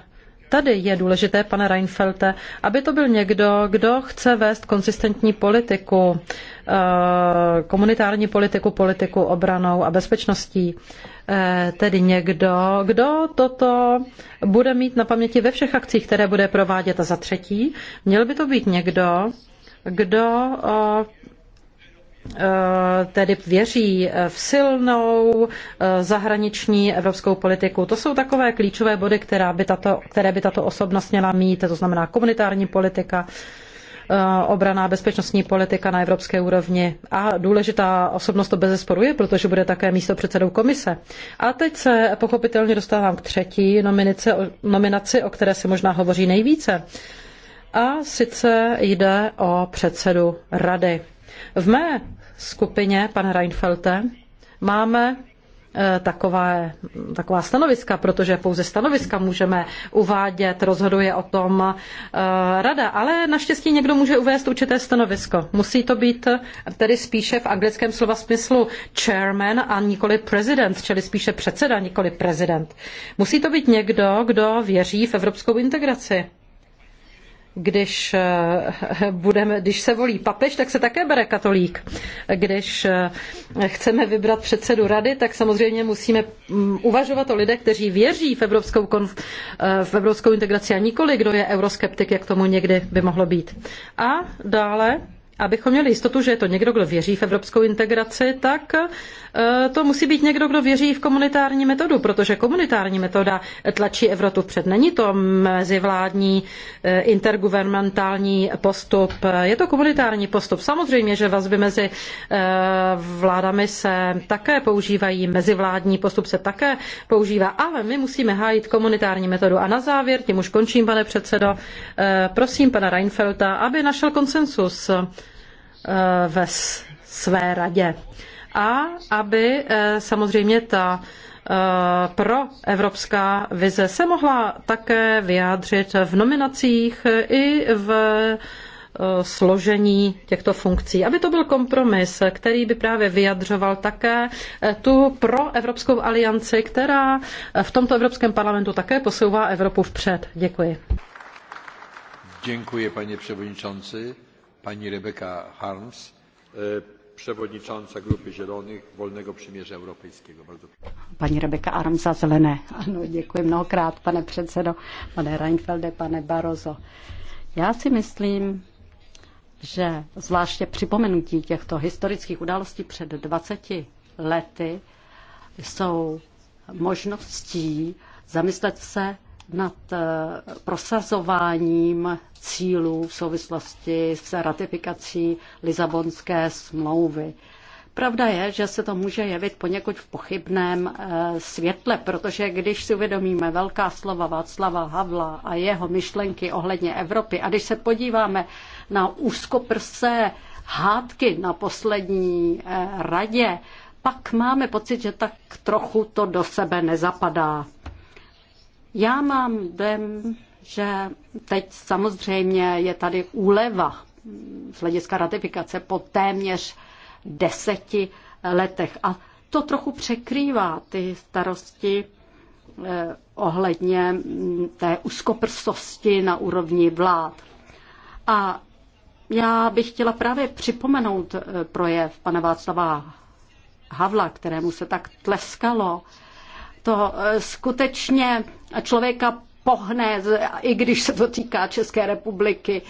tady je důležité, pane Reinfelte, aby to byl někdo, kdo chce vést konsistentní politiku, komunitární politiku, politiku obranou a bezpečností. Eh, tedy někdo, kdo toto bude mít na paměti ve všech akcích, které bude provádět. A za třetí, měl by to být někdo, kdo eh, eh, tedy věří v silnou zahraniční evropskou politiku. To jsou takové klíčové body, která by tato, které by tato osobnost měla mít, to znamená komunitární politika, Eh, obraná bezpečnostní politika na evropské úrovni. A důležitá osobnost to bez je, protože bude také místo předsedou komise. A teď se pochopitelně dostávám k třetí nominice, nominaci, o které se možná hovoří nejvíce. A sice jde o předsedu rady. V mé skupině, pan Reinfeldte, máme Eh, taková stanoviska, protože pouze stanoviska můžeme uvádět, rozhoduje o tom eh, rada, ale naštěstí někdo může uvést určité stanovisko. Musí to být eh, tedy spíše v anglickém slova smyslu chairman a nikoli president, čili spíše předseda, nikoli prezident. Musí to být někdo, kdo věří v evropskou integraci když, eh, budeme, když se volí papež, tak se také bere katolík. Když eh, chceme vybrat předsedu rady, tak samozřejmě musíme mm, uvažovat o lidech, kteří věří v evropskou, konf, eh, v evropskou integraci a nikoli, kdo je euroskeptik, jak tomu někdy by mohlo být. A dále abychom měli jistotu, že je to někdo, kdo věří v evropskou integraci, tak eh, to musí být někdo, kdo věří v komunitární metodu, protože komunitární metoda tlačí Evropu vpřed. Není to mezivládní eh, intergovernmentální postup, je to komunitární postup. Samozřejmě, že vazby mezi eh, vládami se také používají, mezivládní postup se také používá, ale my musíme hájit komunitární metodu. A na závěr, tím už končím, pane předsedo, prosím pana Reinfelta, aby našel konsensus. Eh, ve své radě. A aby eh, samozřejmě ta eh, pro evropská vize se mohla také vyjádřit v nominacích i v složení těchto funkcí. Aby to byl kompromis, který by právě vyjadřoval také tu proevropskou alianci, která v tomto Evropském parlamentu také posouvá Evropu vpřed. Děkuji. Děkuji, paní předsedající paní Rebecca Harms, e, przewodnicząca Grupy Zielonych Wolnego Przymierza Europejskiego. Bardzo Rebeka Armsa Zelené. Ano, děkuji mnohokrát, pane předsedo, pane Reinfelde, pane Barroso. Já si myslím, že zvláště připomenutí těchto historických událostí před 20 lety jsou možností zamyslet se nad eh, prosazováním cílů v souvislosti s ratifikací Lisabonské smlouvy. Pravda je, že se to může jevit poněkud v pochybném eh, světle, protože když si uvědomíme velká slova Václava Havla a jeho myšlenky ohledně Evropy a když se podíváme na úzkoprsé hádky na poslední eh, radě, pak máme pocit, že tak trochu to do sebe nezapadá. Já mám dojem, že teď samozřejmě je tady úleva z hlediska ratifikace po téměř deseti letech. A to trochu překrývá ty starosti eh, ohledně mm, té úzkoprsosti na úrovni vlád. A já bych chtěla právě připomenout eh, projev pana Václava Havla, kterému se tak tleskalo. To eh, skutečně a člověka pohne, i když se to týká České republiky.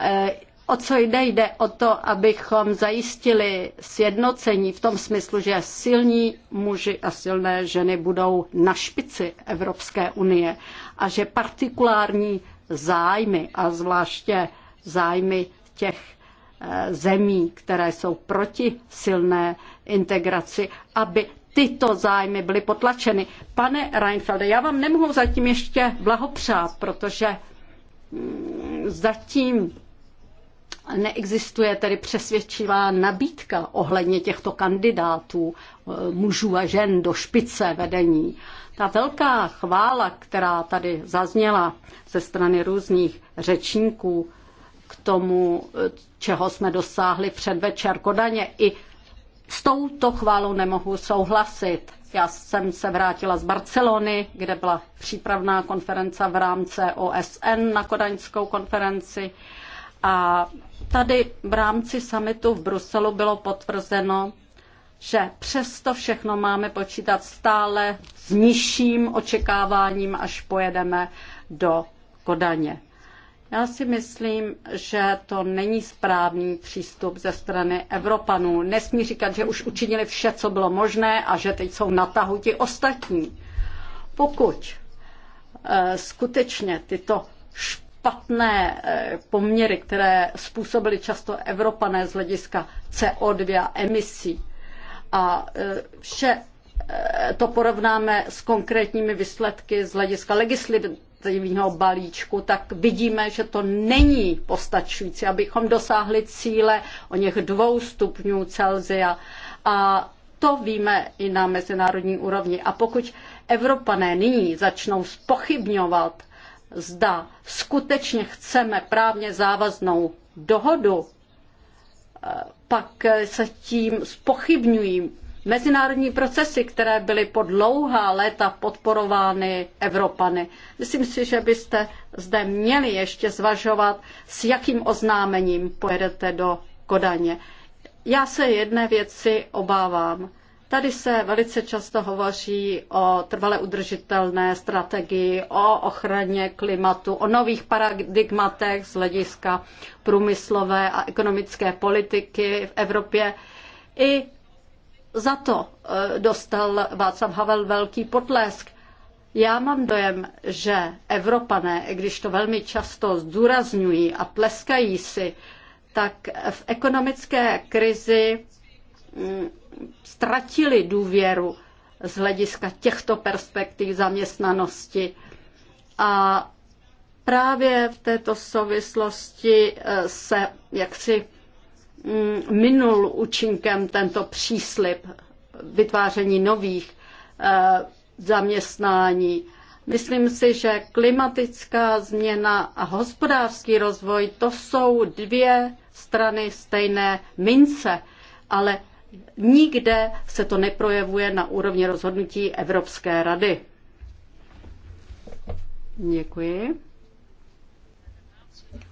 E, o co jde? Jde o to, abychom zajistili sjednocení v tom smyslu, že silní muži a silné ženy budou na špici Evropské unie a že partikulární zájmy a zvláště zájmy těch e, zemí, které jsou proti silné integraci, aby tyto zájmy byly potlačeny. Pane Reinfelde, já vám nemohu zatím ještě blahopřát, protože mm, zatím neexistuje tedy přesvědčivá nabídka ohledně těchto kandidátů eh, mužů a žen do špice vedení. Ta velká chvála, která tady zazněla ze strany různých řečníků k tomu, eh, čeho jsme dosáhli předvečer Kodaně i s touto chválou nemohu souhlasit. Já jsem se vrátila z Barcelony, kde byla přípravná konference v rámci OSN na kodaňskou konferenci. A tady v rámci summitu v Bruselu bylo potvrzeno, že přesto všechno máme počítat stále s nižším očekáváním, až pojedeme do Kodaně. Já si myslím, že to není správný přístup ze strany Evropanů. Nesmí říkat, že už učinili vše, co bylo možné a že teď jsou na tahu ti ostatní. Pokud eh, skutečně tyto špatné eh, poměry, které způsobily často Evropané z hlediska CO2 a emisí a eh, vše to porovnáme s konkrétními výsledky z hlediska legislativy, legislativního balíčku, tak vidíme, že to není postačující, abychom dosáhli cíle o něch dvou stupňů Celsia. A to víme i na mezinárodní úrovni. A pokud Evropané nyní začnou spochybňovat, zda skutečně chceme právně závaznou dohodu, eh, pak se tím spochybňují mezinárodní procesy, které byly po dlouhá léta podporovány Evropany. Myslím si, že byste zde měli ještě zvažovat, s jakým oznámením pojedete do Kodaně. Já se jedné věci obávám. Tady se velice často hovoří o trvale udržitelné strategii, o ochraně klimatu, o nových paradigmatech z hlediska průmyslové a ekonomické politiky v Evropě. I za to e, dostal Václav Havel velký potlesk. Já mám dojem, že Evropané, když to velmi často zdůrazňují a pleskají si, tak v ekonomické krizi mm, ztratili důvěru z hlediska těchto perspektiv zaměstnanosti. A právě v této souvislosti e, se jaksi Mm, minul účinkem tento příslip vytváření nových eh, zaměstnání. Myslím si, že klimatická změna a hospodářský rozvoj to jsou dvě strany stejné mince, ale nikde se to neprojevuje na úrovni rozhodnutí Evropské rady. Děkuji.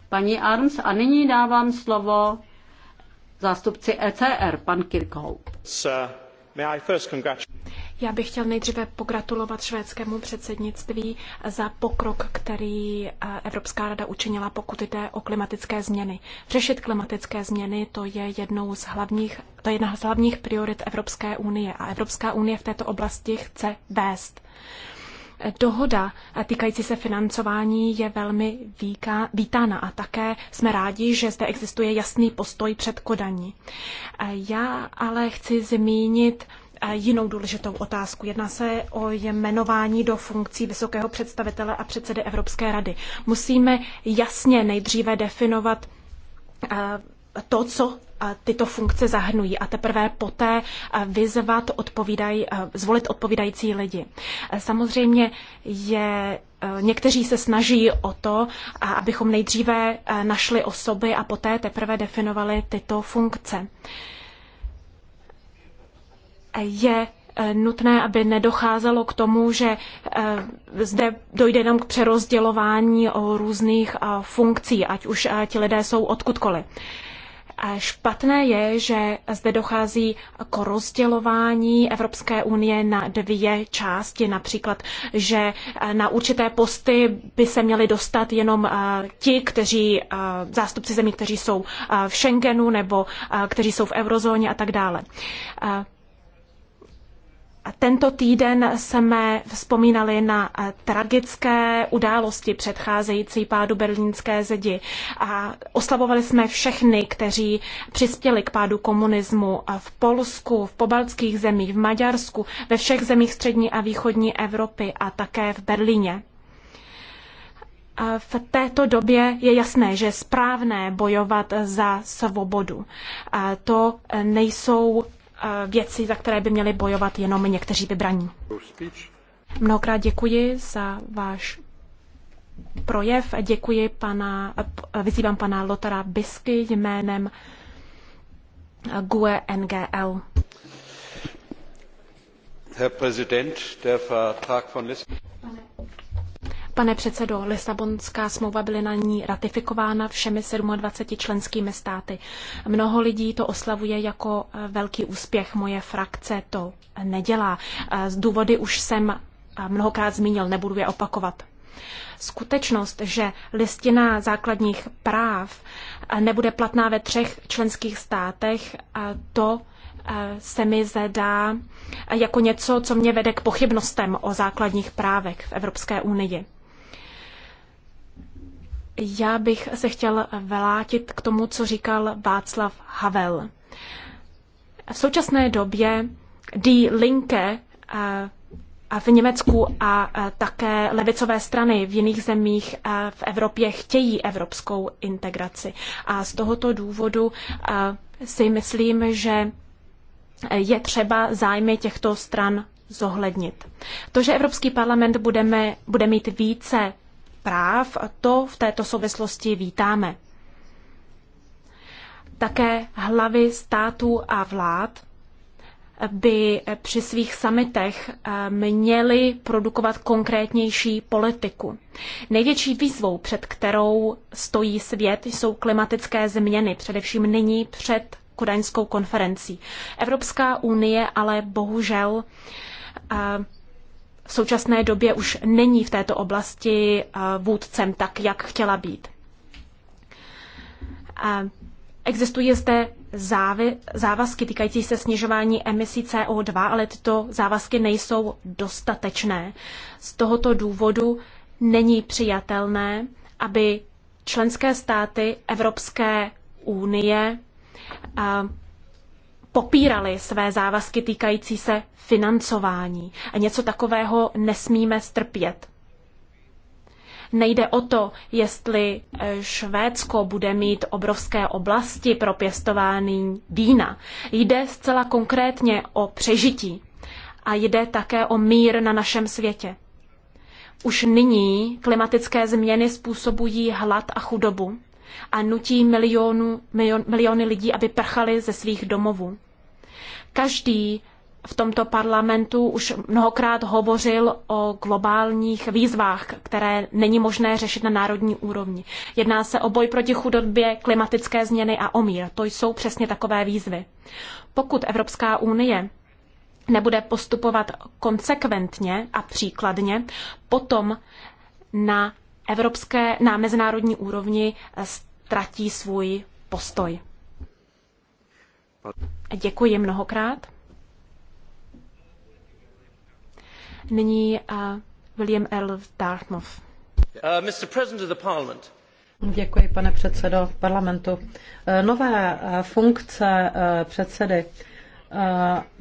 Paní Arms, a nyní dávám slovo zástupci ECR, pan Kirkhope. Já bych chtěl nejdříve pogratulovat švédskému předsednictví za pokrok, který eh, Evropská rada učinila, pokud jde o klimatické změny. Řešit klimatické změny to je jednou z hlavních, to je jedna z hlavních priorit Evropské unie a Evropská unie v této oblasti chce vést dohoda týkající se financování je velmi víká, vítána a také jsme rádi, že zde existuje jasný postoj před kodaní. Já ale chci zmínit eh, jinou důležitou otázku. Jedná se o jmenování do funkcí vysokého představitele a předsedy Evropské rady. Musíme jasně nejdříve definovat eh, to, co tyto funkce zahrnují a teprve poté vyzvat, odpovídaj, zvolit odpovídající lidi. Samozřejmě je, někteří se snaží o to, abychom nejdříve našli osoby a poté teprve definovali tyto funkce. Je nutné, aby nedocházelo k tomu, že zde dojde jenom k přerozdělování různých funkcí, ať už ti lidé jsou odkudkoliv. Špatné je, že zde dochází k rozdělování Evropské unie na dvě části. Například, že na určité posty by se měli dostat jenom eh, ti, kteří, eh, zástupci zemí, kteří jsou eh, v Schengenu nebo kteří jsou v eurozóně a tak dále. Tento týden jsme vzpomínali na eh, tragické události předcházející pádu berlínské zdi a oslavovali jsme všechny, kteří přispěli k pádu komunismu eh, v Polsku, v pobaltských zemích, v Maďarsku, ve všech zemích střední a východní Evropy a také v Berlíně. V této době je jasné, že je správné bojovat za svobodu. To nejsou Eh, věci, za které by měli bojovat jenom někteří vybraní. Mnohokrát děkuji za váš projev. Děkuji pana, eh, vyzývám pana Lotara Bisky jménem eh, GUE NGL. Herr Präsident, der Vertrag von Lissabon. Pane předsedo, Lisabonská smlouva byly na ní ratifikována všemi 27 členskými státy. Mnoho lidí to oslavuje jako eh, velký úspěch. Moje frakce to nedělá. Eh, z důvody už jsem eh, mnohokrát zmínil, nebudu je opakovat. Skutečnost, že listina základních práv nebude platná ve třech členských státech, to se mi zdá jako něco, co mě vede k pochybnostem o základních právech v Evropské unii. Já bych se chtěl velátit k tomu, co říkal Václav Havel. V současné době Die Linke eh, v Německu a eh, také levicové strany v jiných zemích eh, v Evropě chtějí evropskou integraci. A z tohoto důvodu si myslím, že je třeba zájmy těchto stran zohlednit. To, že Evropský parlament budeme, bude mít více práv, to v této souvislosti vítáme. Také hlavy států a vlád by při svých samitech eh, měly produkovat konkrétnější politiku. Největší výzvou, před kterou stojí svět, jsou klimatické změny, především nyní před kodaňskou konferencí. Evropská unie ale bohužel eh, v současné době už není v této oblasti eh, vůdcem tak, jak chtěla být. Eh, existují zde závy, závazky týkající se snižování emisí CO2, ale tyto závazky nejsou dostatečné. Z tohoto důvodu není přijatelné, aby členské státy Evropské unie eh, popírali své závazky týkající se financování. A něco takového nesmíme strpět. Nejde o to, jestli eh, Švédsko bude mít obrovské oblasti pro pěstování vína. Jde zcela konkrétně o přežití a jde také o mír na našem světě. Už nyní klimatické změny způsobují hlad a chudobu a nutí milionu, milion, miliony lidí, aby prchali ze svých domovů. Každý v tomto parlamentu už mnohokrát hovořil o globálních výzvách, které není možné řešit na národní úrovni. Jedná se o boj proti chudobě, klimatické změny a omír. To jsou přesně takové výzvy. Pokud Evropská unie nebude postupovat konsekventně a příkladně, potom na evropské, na mezinárodní úrovni eh, ztratí svůj postoj. Děkuji mnohokrát. Nyní eh, William L. Dartmouth. Uh, Mr. President of the Parliament. Děkuji, pane předsedo parlamentu. Eh, nové funkce předsedy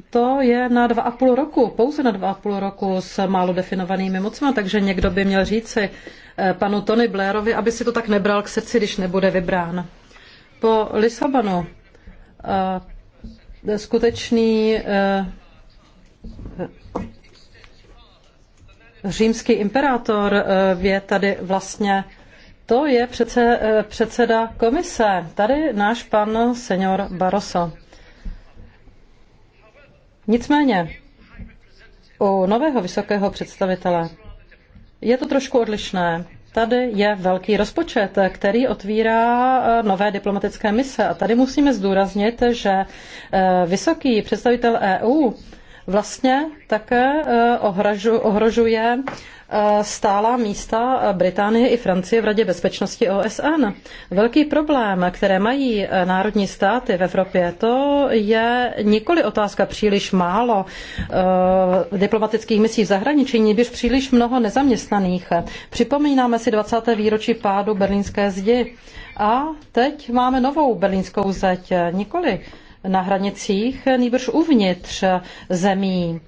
to je na dva a půl roku, pouze na dva a půl roku s málo definovanými mocmi, takže někdo by měl říci eh, panu Tony Blairovi, aby si to tak nebral k srdci, když nebude vybrán. Po Lisabonu eh, skutečný eh, římský imperátor je tady vlastně to je přece předseda komise. Tady náš pan senior Barroso. Nicméně u nového vysokého představitele je to trošku odlišné. Tady je velký rozpočet, který otvírá eh, nové diplomatické mise. A tady musíme zdůraznit, že eh, vysoký představitel EU vlastně také eh, ohrožuje eh, stálá místa Británie i Francie v Radě bezpečnosti OSN. Velký problém, které mají eh, národní státy v Evropě, to je nikoli otázka příliš málo diplomatických misí v zahraničí, než příliš mnoho nezaměstnaných. Připomínáme si 20. výročí pádu berlínské zdi a teď máme novou berlínskou zeď, nikoli na hranicích, nýbrž uvnitř zemí.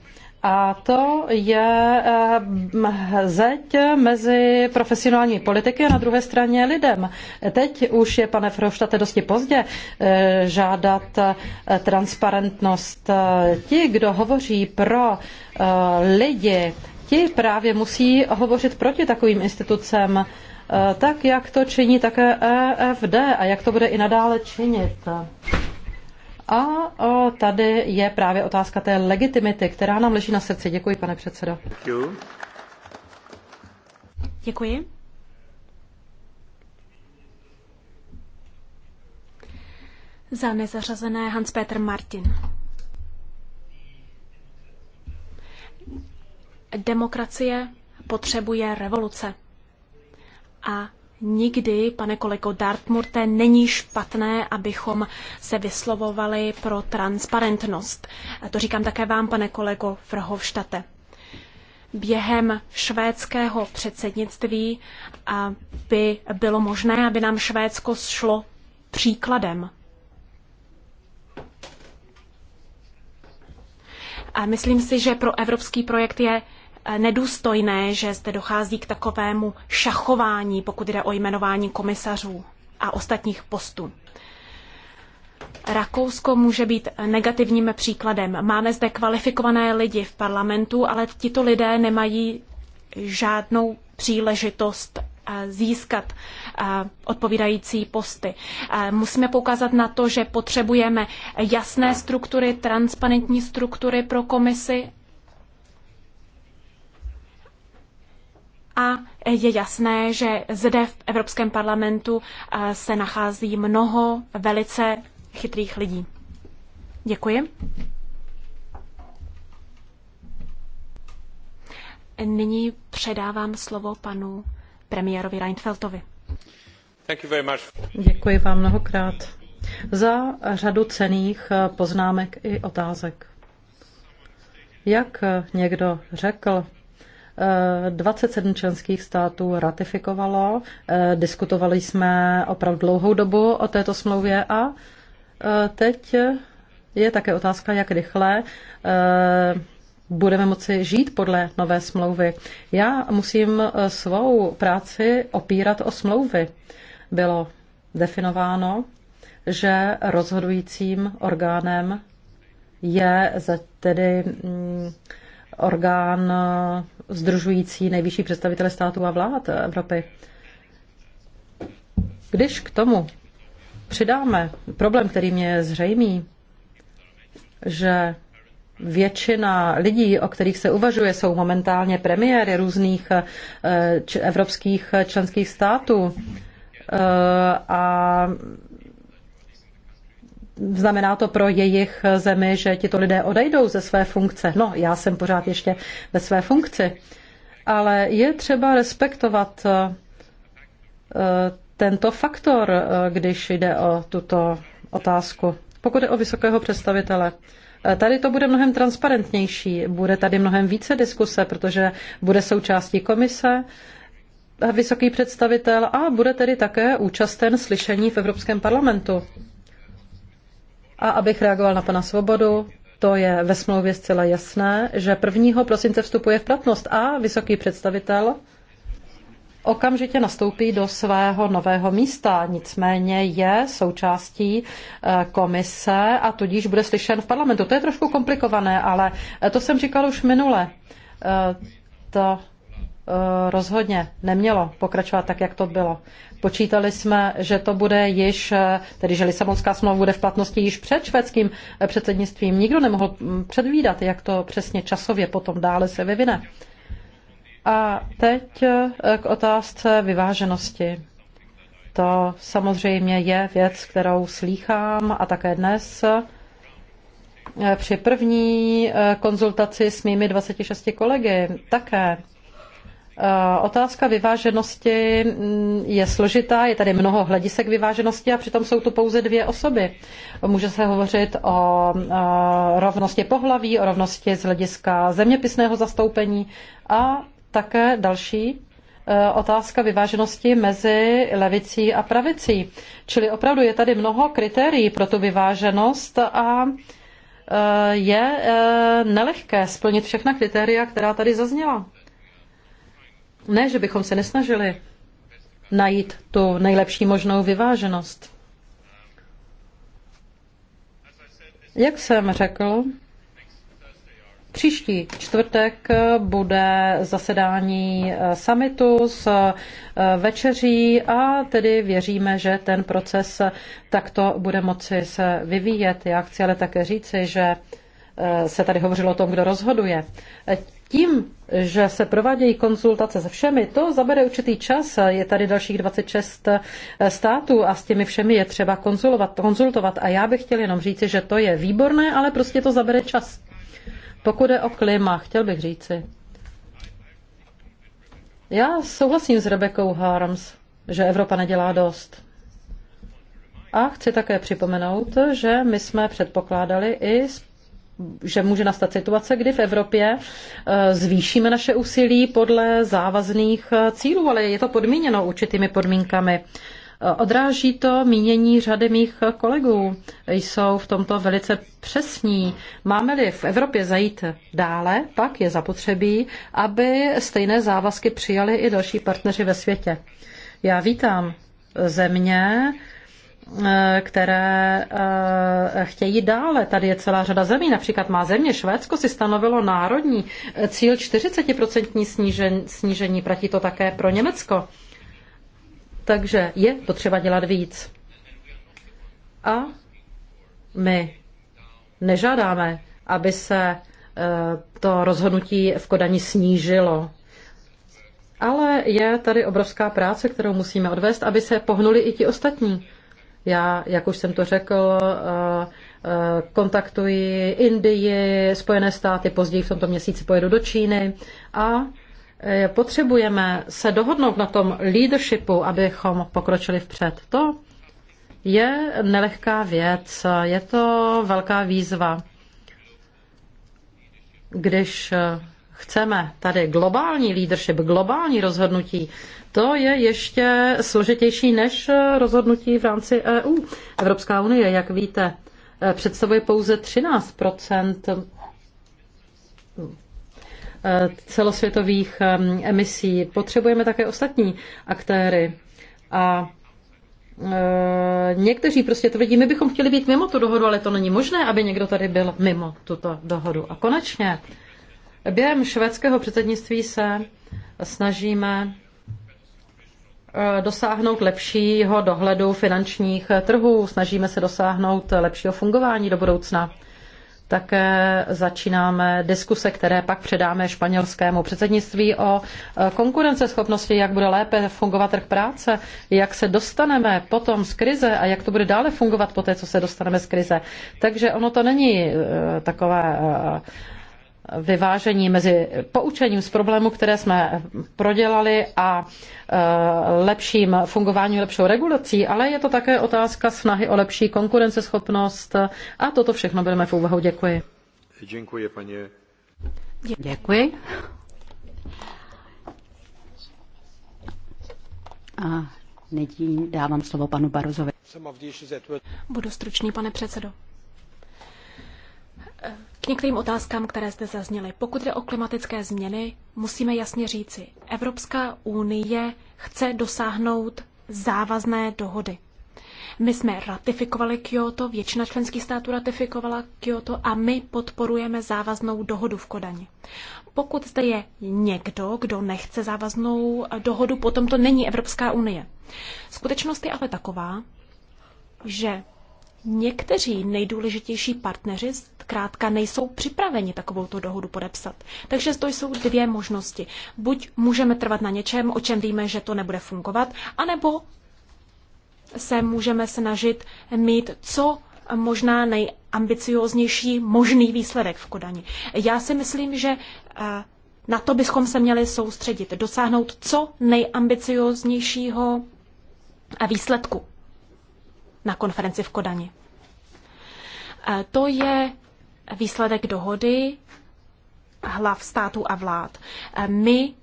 A to je eh, zeď mezi profesionální politiky a na druhé straně lidem. Teď už je, pane Froštate, dosti pozdě eh, žádat eh, transparentnost. Ti, kdo hovoří pro lidi, ti právě musí hovořit proti takovým institucem, tak jak to činí také EFD a jak to bude i nadále činit. A tady je právě otázka té legitimity, která nám leží na srdci. Děkuji, pane předsedo. Děkuji. Za nezařazené Hans-Peter Martin. Demokracie potřebuje revoluce. A nikdy, pane kolego Dartmurte, není špatné, abychom se vyslovovali pro transparentnost. A to říkám také vám, pane kolego Vrhovštate. Během švédského předsednictví by bylo možné, aby nám Švédsko šlo příkladem. A myslím si, že pro evropský projekt je Eh, nedůstojné, že zde dochází k takovému šachování, pokud jde o jmenování komisařů a ostatních postů. Rakousko může být negativním příkladem. Máme zde kvalifikované lidi v parlamentu, ale tito lidé nemají žádnou příležitost eh, získat eh, odpovídající posty. Musíme poukázat na to, že potřebujeme jasné struktury, transparentní struktury pro komisi A je jasné, že zde v Evropském parlamentu eh, se nachází mnoho velice chytrých lidí. Děkuji. Nyní předávám slovo panu premiérovi Reinfeldtovi. Děkuji vám mnohokrát za řadu cených eh, poznámek i otázek. Jak eh, někdo řekl, 27 eh, členských států ratifikovalo. Eh, diskutovali jsme opravdu dlouhou dobu o této smlouvě a eh, teď je také otázka, jak rychle budeme moci žít podle nové smlouvy. Já musím svou práci opírat o smlouvy. Bylo definováno, že rozhodujícím orgánem je tedy mm, orgán eh, združující nejvyšší představitele států a vlád Evropy. Když k tomu přidáme problém, který mě je zřejmý, že většina lidí, o kterých se uvažuje, jsou momentálně premiéry různých eh, evropských eh, členských států a znamená to pro jejich zemi, že tito lidé odejdou ze své funkce. No, já jsem pořád ještě ve své funkci. Ale je třeba respektovat eh, tento faktor, eh, když jde o tuto otázku. Pokud je o vysokého představitele, eh, Tady to bude mnohem transparentnější, bude tady mnohem více diskuse, protože bude součástí komise, vysoký představitel a bude tedy také účasten slyšení v Evropském parlamentu. A abych reagoval na pana Svobodu, to je ve smlouvě zcela jasné, že 1. prosince vstupuje v platnost a vysoký představitel okamžitě nastoupí do svého nového místa, nicméně je součástí eh, komise a tudíž bude slyšen v parlamentu. To je trošku komplikované, ale eh, to jsem říkal už minule. Eh, to Eh, rozhodně nemělo pokračovat tak, jak to bylo. Počítali jsme, že to bude již, eh, tedy že Lisabonská smlouva bude v platnosti již před švédským eh, předsednictvím. Nikdo nemohl mm, předvídat, jak to přesně časově potom dále se vyvine. A teď k otázce vyváženosti. To samozřejmě je věc, kterou slýchám a také dnes při první konzultaci s mými 26 kolegy také Eh, otázka vyváženosti mm, je složitá, je tady mnoho hledisek vyváženosti a přitom jsou tu pouze dvě osoby. Může se hovořit o eh, rovnosti pohlaví, o rovnosti z hlediska zeměpisného zastoupení a také další eh, otázka vyváženosti mezi levicí a pravicí. Čili opravdu je tady mnoho kritérií pro tu vyváženost a je nelehké splnit všechna kritéria, která tady zazněla. Ne, že bychom se nesnažili najít tu nejlepší možnou vyváženost. Jak jsem řekl, Příští čtvrtek bude zasedání eh, summitu s eh, večeří a tedy věříme, že ten proces takto bude moci se vyvíjet. Já chci ale také říci, že eh, se tady hovořilo o tom, kdo rozhoduje. Tím, že se provádějí konzultace se všemi, to zabere určitý čas. Je tady dalších 26 eh, států a s těmi všemi je třeba konzulovat, konzultovat. A já bych chtěl jenom říci, že to je výborné, ale prostě to zabere čas. Pokud je o klima, chtěl bych říci. Já souhlasím s Rebekou Harms, že Evropa nedělá dost. A chci také připomenout, že my jsme předpokládali i že může nastat situace, kdy v Evropě eh, zvýšíme naše úsilí podle závazných eh, cílů, ale je to podmíněno určitými podmínkami. Eh, odráží to mínění řady mých kolegů. Jsou v tomto velice přesní. Máme-li v Evropě zajít dále, pak je zapotřebí, aby stejné závazky přijali i další partneři ve světě. Já vítám země, Eh, které eh, chtějí dále. Tady je celá řada zemí, například má země Švédsko si stanovilo národní eh, cíl 40% snížení, snížení, platí to také pro Německo. Takže je potřeba dělat víc. A my nežádáme, aby se to rozhodnutí v Kodani snížilo. Ale je tady obrovská práce, kterou musíme odvést, aby se pohnuli i ti ostatní. Já, jak už jsem to řekl, eh, eh, kontaktuji Indii, Spojené státy, později v tomto měsíci pojedu do Číny a eh, potřebujeme se dohodnout na tom leadershipu, abychom pokročili vpřed. To je nelehká věc, je to velká výzva. Když chceme tady globální leadership, globální rozhodnutí, to je ještě složitější než rozhodnutí v rámci EU. Evropská unie, jak víte, eh, představuje pouze 13 eh, celosvětových eh, emisí. Potřebujeme také ostatní aktéry. A někteří prostě tvrdí, my bychom chtěli být mimo tu dohodu, ale to není možné, aby někdo tady byl mimo tuto dohodu. A konečně Během švédského předsednictví se snažíme eh, dosáhnout lepšího dohledu finančních trhů, snažíme se dosáhnout lepšího fungování do budoucna. Také začínáme diskuse, které pak předáme španělskému předsednictví o eh, konkurenceschopnosti, jak bude lépe fungovat trh práce, jak se dostaneme potom z krize a jak to bude dále fungovat po té, co se dostaneme z krize. Takže ono to není eh, takové vyvážení mezi poučením z problémů, které jsme prodělali a e, lepším fungováním, lepšou regulací, ale je to také otázka snahy o lepší konkurenceschopnost a toto všechno bereme v úvahu. Děkuji. Děkuji, paní. Děkuji. A nyní dávám slovo panu Barozovi. Budu stručný, pane předsedo. K některým otázkám, které zde zazněly. Pokud jde o klimatické změny, musíme jasně říci, Evropská unie chce dosáhnout závazné dohody. My jsme ratifikovali Kyoto, většina členských států ratifikovala Kyoto a my podporujeme závaznou dohodu v Kodani. Pokud zde je někdo, kdo nechce závaznou dohodu, potom to není Evropská unie. Skutečnost je ale taková, že někteří nejdůležitější partneři zkrátka nejsou připraveni takovouto dohodu podepsat. Takže to jsou dvě možnosti. Buď můžeme trvat na něčem, o čem víme, že to nebude fungovat, anebo se můžeme snažit mít co možná nejambicióznější možný výsledek v Kodani. Já si myslím, že eh, na to bychom se měli soustředit, dosáhnout co nejambicióznějšího eh, výsledku na konferenci v Kodani. E, to je výsledek dohody hlav států a vlád. E, my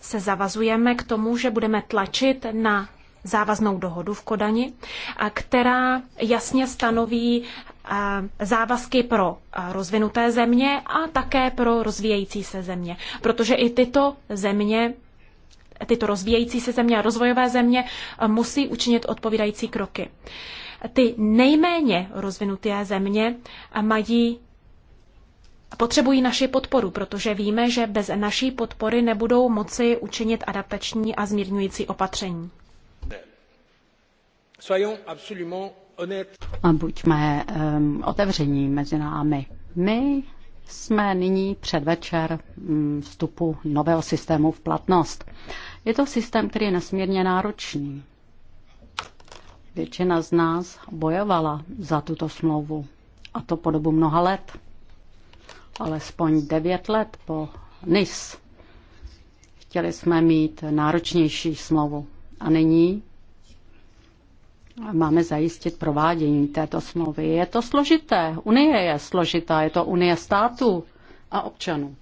se zavazujeme k tomu, že budeme tlačit na závaznou dohodu v Kodani, která jasně stanoví e, závazky pro rozvinuté země a také pro rozvíjející se země, protože i tyto země tyto rozvíjející se země a rozvojové země eh, musí učinit odpovídající kroky. Ty nejméně rozvinuté země eh, mají Potřebují naši podporu, protože víme, že bez naší podpory nebudou moci učinit adaptační a zmírňující opatření. A buďme um, otevření mezi námi. My jsme nyní předvečer um, vstupu nového systému v platnost. Je to systém, který je nesmírně náročný. Většina z nás bojovala za tuto smlouvu a to po dobu mnoha let. Alespoň devět let po NIS. Chtěli jsme mít náročnější smlouvu. A nyní máme zajistit provádění této smlouvy. Je to složité. Unie je složitá, je to unie států a občanů.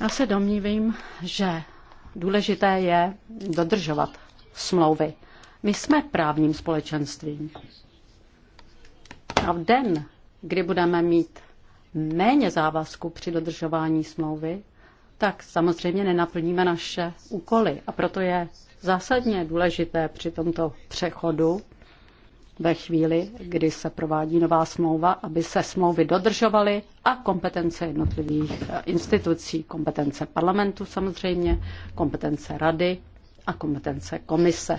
Já se domnívím, že důležité je dodržovat smlouvy. My jsme právním společenstvím. A v den, kdy budeme mít méně závazku při dodržování smlouvy, tak samozřejmě nenaplníme naše úkoly. A proto je zásadně důležité při tomto přechodu ve chvíli, kdy se provádí nová smlouva, aby se smlouvy dodržovaly a kompetence jednotlivých eh, institucí, kompetence parlamentu samozřejmě, kompetence rady a kompetence komise.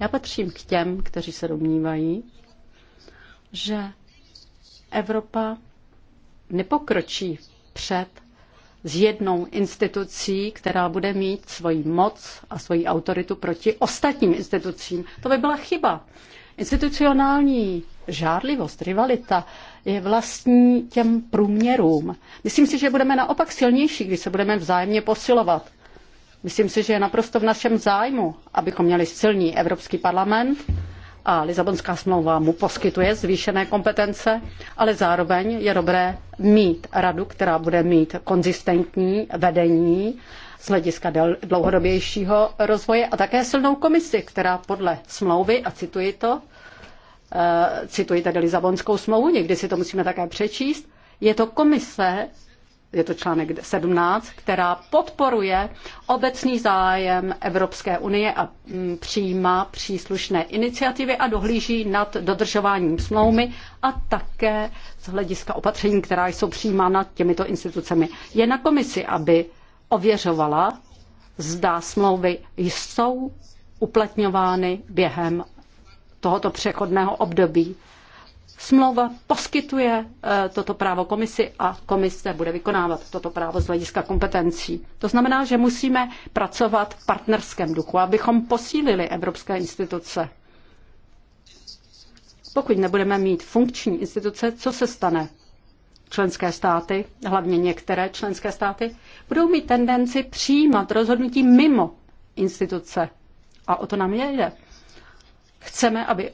Já patřím k těm, kteří se domnívají, že Evropa nepokročí před s jednou institucí, která bude mít svoji moc a svoji autoritu proti ostatním institucím. To by byla chyba. Institucionální žárlivost, rivalita je vlastní těm průměrům. Myslím si, že budeme naopak silnější, když se budeme vzájemně posilovat. Myslím si, že je naprosto v našem zájmu, abychom měli silný Evropský parlament a Lisabonská smlouva mu poskytuje zvýšené kompetence, ale zároveň je dobré mít radu, která bude mít konzistentní vedení z hlediska dlouhodobějšího rozvoje a také silnou komisi, která podle smlouvy, a cituji to, eh, cituji tady Lizabonskou smlouvu, někdy si to musíme také přečíst, je to komise, je to článek 17, která podporuje obecný zájem Evropské unie a mm, přijímá příslušné iniciativy a dohlíží nad dodržováním smlouvy a také z hlediska opatření, která jsou přijímána těmito institucemi. Je na komisi, aby ověřovala, zda smlouvy jsou uplatňovány během tohoto přechodného období. Smlouva poskytuje eh, toto právo komisi a komise bude vykonávat toto právo z hlediska kompetencí. To znamená, že musíme pracovat v partnerském duchu, abychom posílili evropské instituce. Pokud nebudeme mít funkční instituce, co se stane? členské státy, hlavně některé členské státy, budou mít tendenci přijímat rozhodnutí mimo instituce. A o to nám jde. Chceme, aby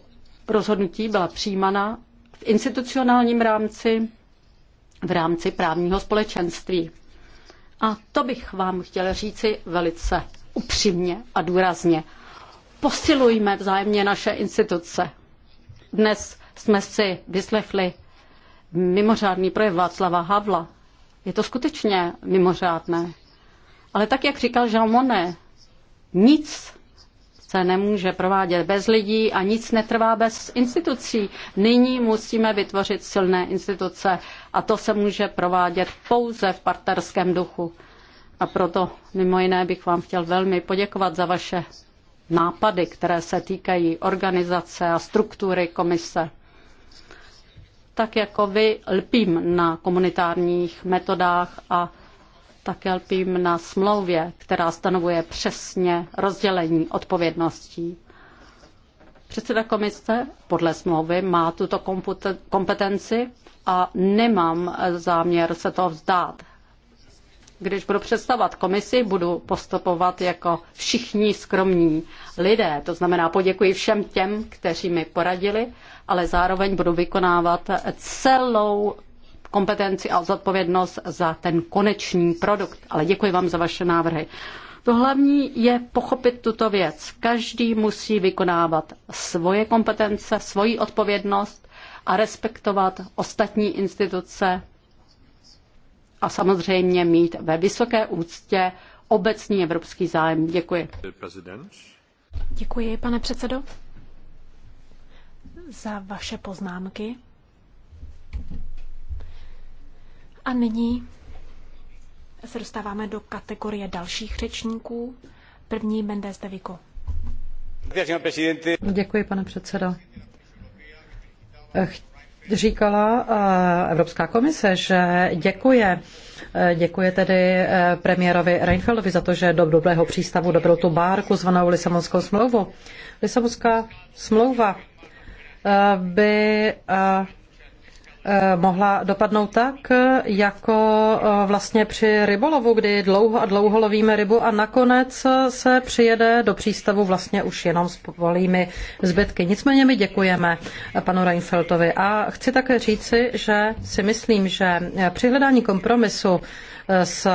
rozhodnutí byla přijímána v institucionálním rámci, v rámci právního společenství. A to bych vám chtěla říci velice upřímně a důrazně. Posilujme vzájemně naše instituce. Dnes jsme si vyslechli mimořádný projev Václava Havla. Je to skutečně mimořádné. Ale tak, jak říkal Jean Monnet, nic se nemůže provádět bez lidí a nic netrvá bez institucí. Nyní musíme vytvořit silné instituce a to se může provádět pouze v partnerském duchu. A proto mimo jiné bych vám chtěl velmi poděkovat za vaše nápady, které se týkají organizace a struktury komise tak jako vy lpím na komunitárních metodách a také lpím na smlouvě, která stanovuje přesně rozdělení odpovědností. Předseda komise podle smlouvy má tuto kompetenci a nemám záměr se toho vzdát. Když budu představovat komisi, budu postupovat jako všichni skromní lidé. To znamená, poděkuji všem těm, kteří mi poradili ale zároveň budu vykonávat celou kompetenci a zodpovědnost za ten konečný produkt. Ale děkuji vám za vaše návrhy. To hlavní je pochopit tuto věc. Každý musí vykonávat svoje kompetence, svoji odpovědnost a respektovat ostatní instituce a samozřejmě mít ve vysoké úctě obecný evropský zájem. Děkuji. Děkuji, pane předsedo za vaše poznámky. A nyní se dostáváme do kategorie dalších řečníků. První Mendes de Vico. Děkuji, pane předsedo. Říkala eh, Evropská komise, že děkuje eh, Děkuji tedy eh, premiérovi Reinfeldovi za to, že do dobrého přístavu dobrou tu bárku zvanou Lisabonskou smlouvu. Lisabonská smlouva by eh, eh, mohla dopadnout tak, jako eh, vlastně při rybolovu, kdy dlouho a dlouho lovíme rybu a nakonec se přijede do přístavu vlastně už jenom s volými zbytky. Nicméně my děkujeme panu Reinfeldtovi a chci také říci, že si myslím, že při hledání kompromisu s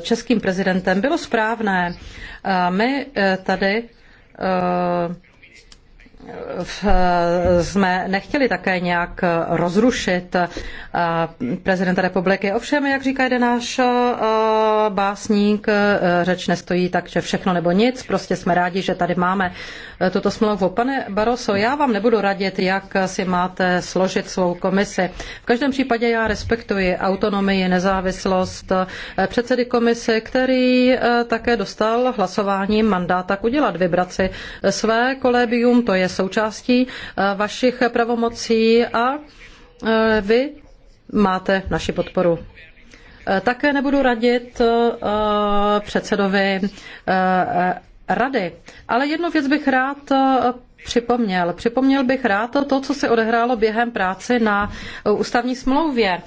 českým prezidentem bylo správné. My tady jsme nechtěli také nějak rozrušit eh, prezidenta republiky. Ovšem, jak říká jeden náš eh, básník, eh, řeč nestojí tak, že všechno nebo nic. Prostě jsme rádi, že tady máme tuto smlouvu. Pane Baroso, já vám nebudu radit, jak si máte složit svou komisi. V každém případě já respektuji autonomii, nezávislost předsedy komise, který také dostal hlasováním mandát tak udělat vibraci své kolegium, to je součást součástí eh, vašich pravomocí a eh, vy máte naši podporu. Eh, také nebudu radit předsedovi rady, ale jednu věc bych rád připomněl. Připomněl bych rád to, co se odehrálo během práce na ústavní smlouvě.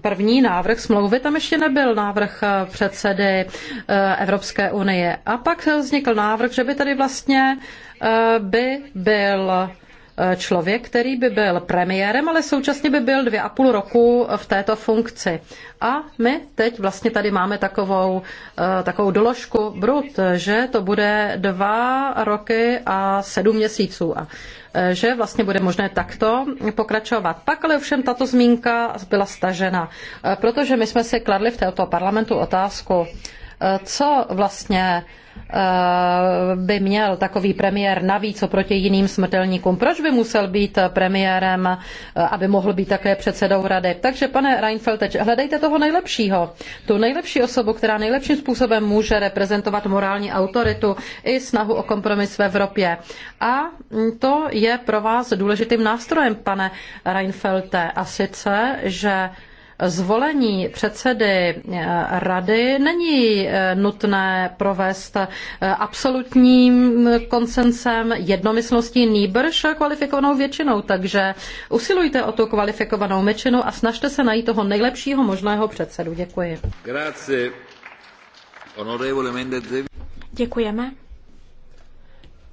První návrh smlouvy, tam ještě nebyl návrh předsedy Evropské unie. A pak vznikl návrh, že by tady vlastně by byl eh, člověk, který by byl premiérem, ale současně by byl dvě a půl roku v této funkci. A my teď vlastně tady máme takovou, eh, takovou doložku brut, že to bude dva roky a sedm měsíců. A eh, že vlastně bude možné takto pokračovat. Pak ale ovšem tato zmínka byla stažena, protože my jsme si kladli v této parlamentu otázku, co vlastně Eh, by měl takový premiér navíc oproti jiným smrtelníkům? Proč by musel být premiérem, eh, aby mohl být také předsedou rady? Takže, pane Reinfeldte, hledejte toho nejlepšího. Tu nejlepší osobu, která nejlepším způsobem může reprezentovat morální autoritu i snahu o kompromis v Evropě. A mm, to je pro vás důležitým nástrojem, pane Reinfeldte, a sice, že zvolení předsedy eh, rady není eh, nutné provést eh, absolutním konsensem jednomyslností nýbrž kvalifikovanou většinou, takže usilujte o tu kvalifikovanou většinu a snažte se najít toho nejlepšího možného předsedu. Děkuji. Děkujeme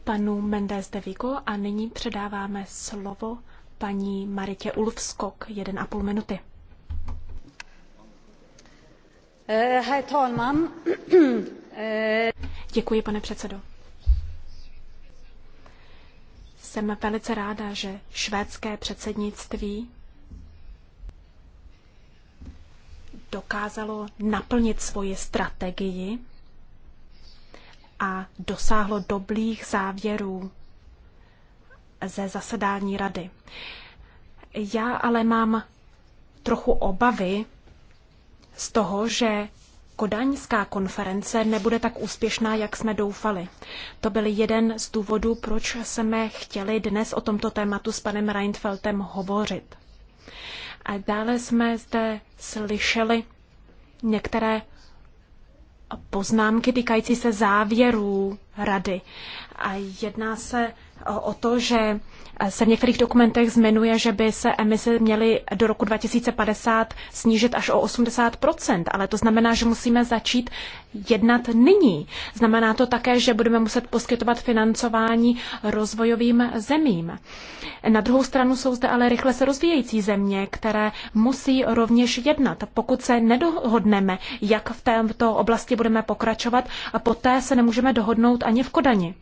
panu Mendes de Vigo a nyní předáváme slovo paní Maritě Ulfskok, půl minuty. Eh, herr talman. Eh, Děkuji, pane předsedo. Jsem velice ráda, že švédské předsednictví dokázalo naplnit svoji strategii a dosáhlo dobrých závěrů ze zasedání rady. Já ale mám trochu obavy z toho, že Kodaňská konference nebude tak úspěšná, jak jsme doufali. To byl jeden z důvodů, proč jsme chtěli dnes o tomto tématu s panem Reinfeldtem hovořit. A dále jsme zde slyšeli některé poznámky týkající se závěrů rady. A jedná se o to, že se v některých dokumentech zmenuje, že by se emise měly do roku 2050 snížit až o 80 ale to znamená, že musíme začít jednat nyní. Znamená to také, že budeme muset poskytovat financování rozvojovým zemím. Na druhou stranu jsou zde ale rychle se rozvíjející země, které musí rovněž jednat. Pokud se nedohodneme, jak v této oblasti budeme pokračovat, a poté se nemůžeme dohodnout ani v Kodani.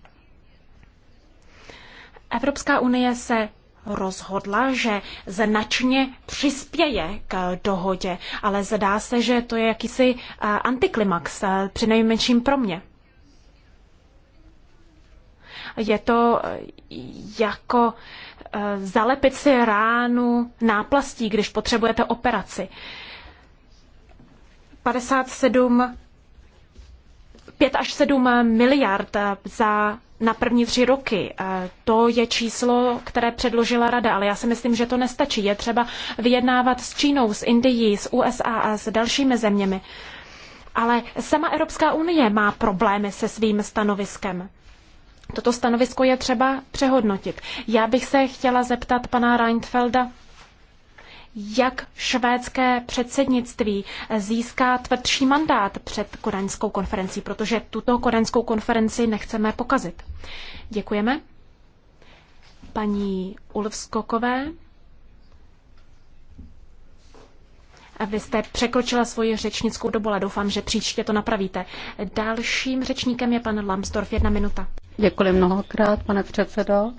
Evropská unie se rozhodla, že značně přispěje k dohodě, ale zdá se, že to je jakýsi eh, antiklimax, eh, přinejmenším pro mě. Je to eh, jako zalepit si ránu náplastí, když potřebujete operaci. 57, 5 až 7 miliard za na první tři roky. Eh, to je číslo, které předložila rada, ale já si myslím, že to nestačí. Je třeba vyjednávat s Čínou, s Indií, s USA a s dalšími zeměmi. Ale sama Evropská unie má problémy se svým stanoviskem. Toto stanovisko je třeba přehodnotit. Já bych se chtěla zeptat pana Reinfelda jak švédské předsednictví získá tvrdší mandát před kodaňskou konferencí, protože tuto kodaňskou konferenci nechceme pokazit. Děkujeme. Paní Ulfskokové. Vy jste překročila svoji řečnickou dobu, ale doufám, že příště to napravíte. Dalším řečníkem je pan Lambsdorff, jedna minuta. Děkuji mnohokrát, pane předsedo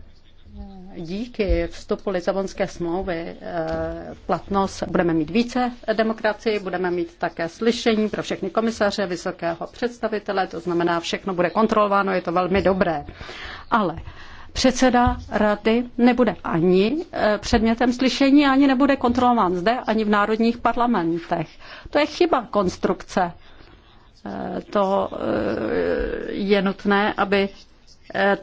díky vstupu Lizabonské smlouvy eh, platnost budeme mít více demokracii, budeme mít také slyšení pro všechny komisaře, vysokého představitele, to znamená, všechno bude kontrolováno, je to velmi dobré. Ale předseda rady nebude ani eh, předmětem slyšení, ani nebude kontrolován zde, ani v národních parlamentech. To je chyba konstrukce. Eh, to je nutné, aby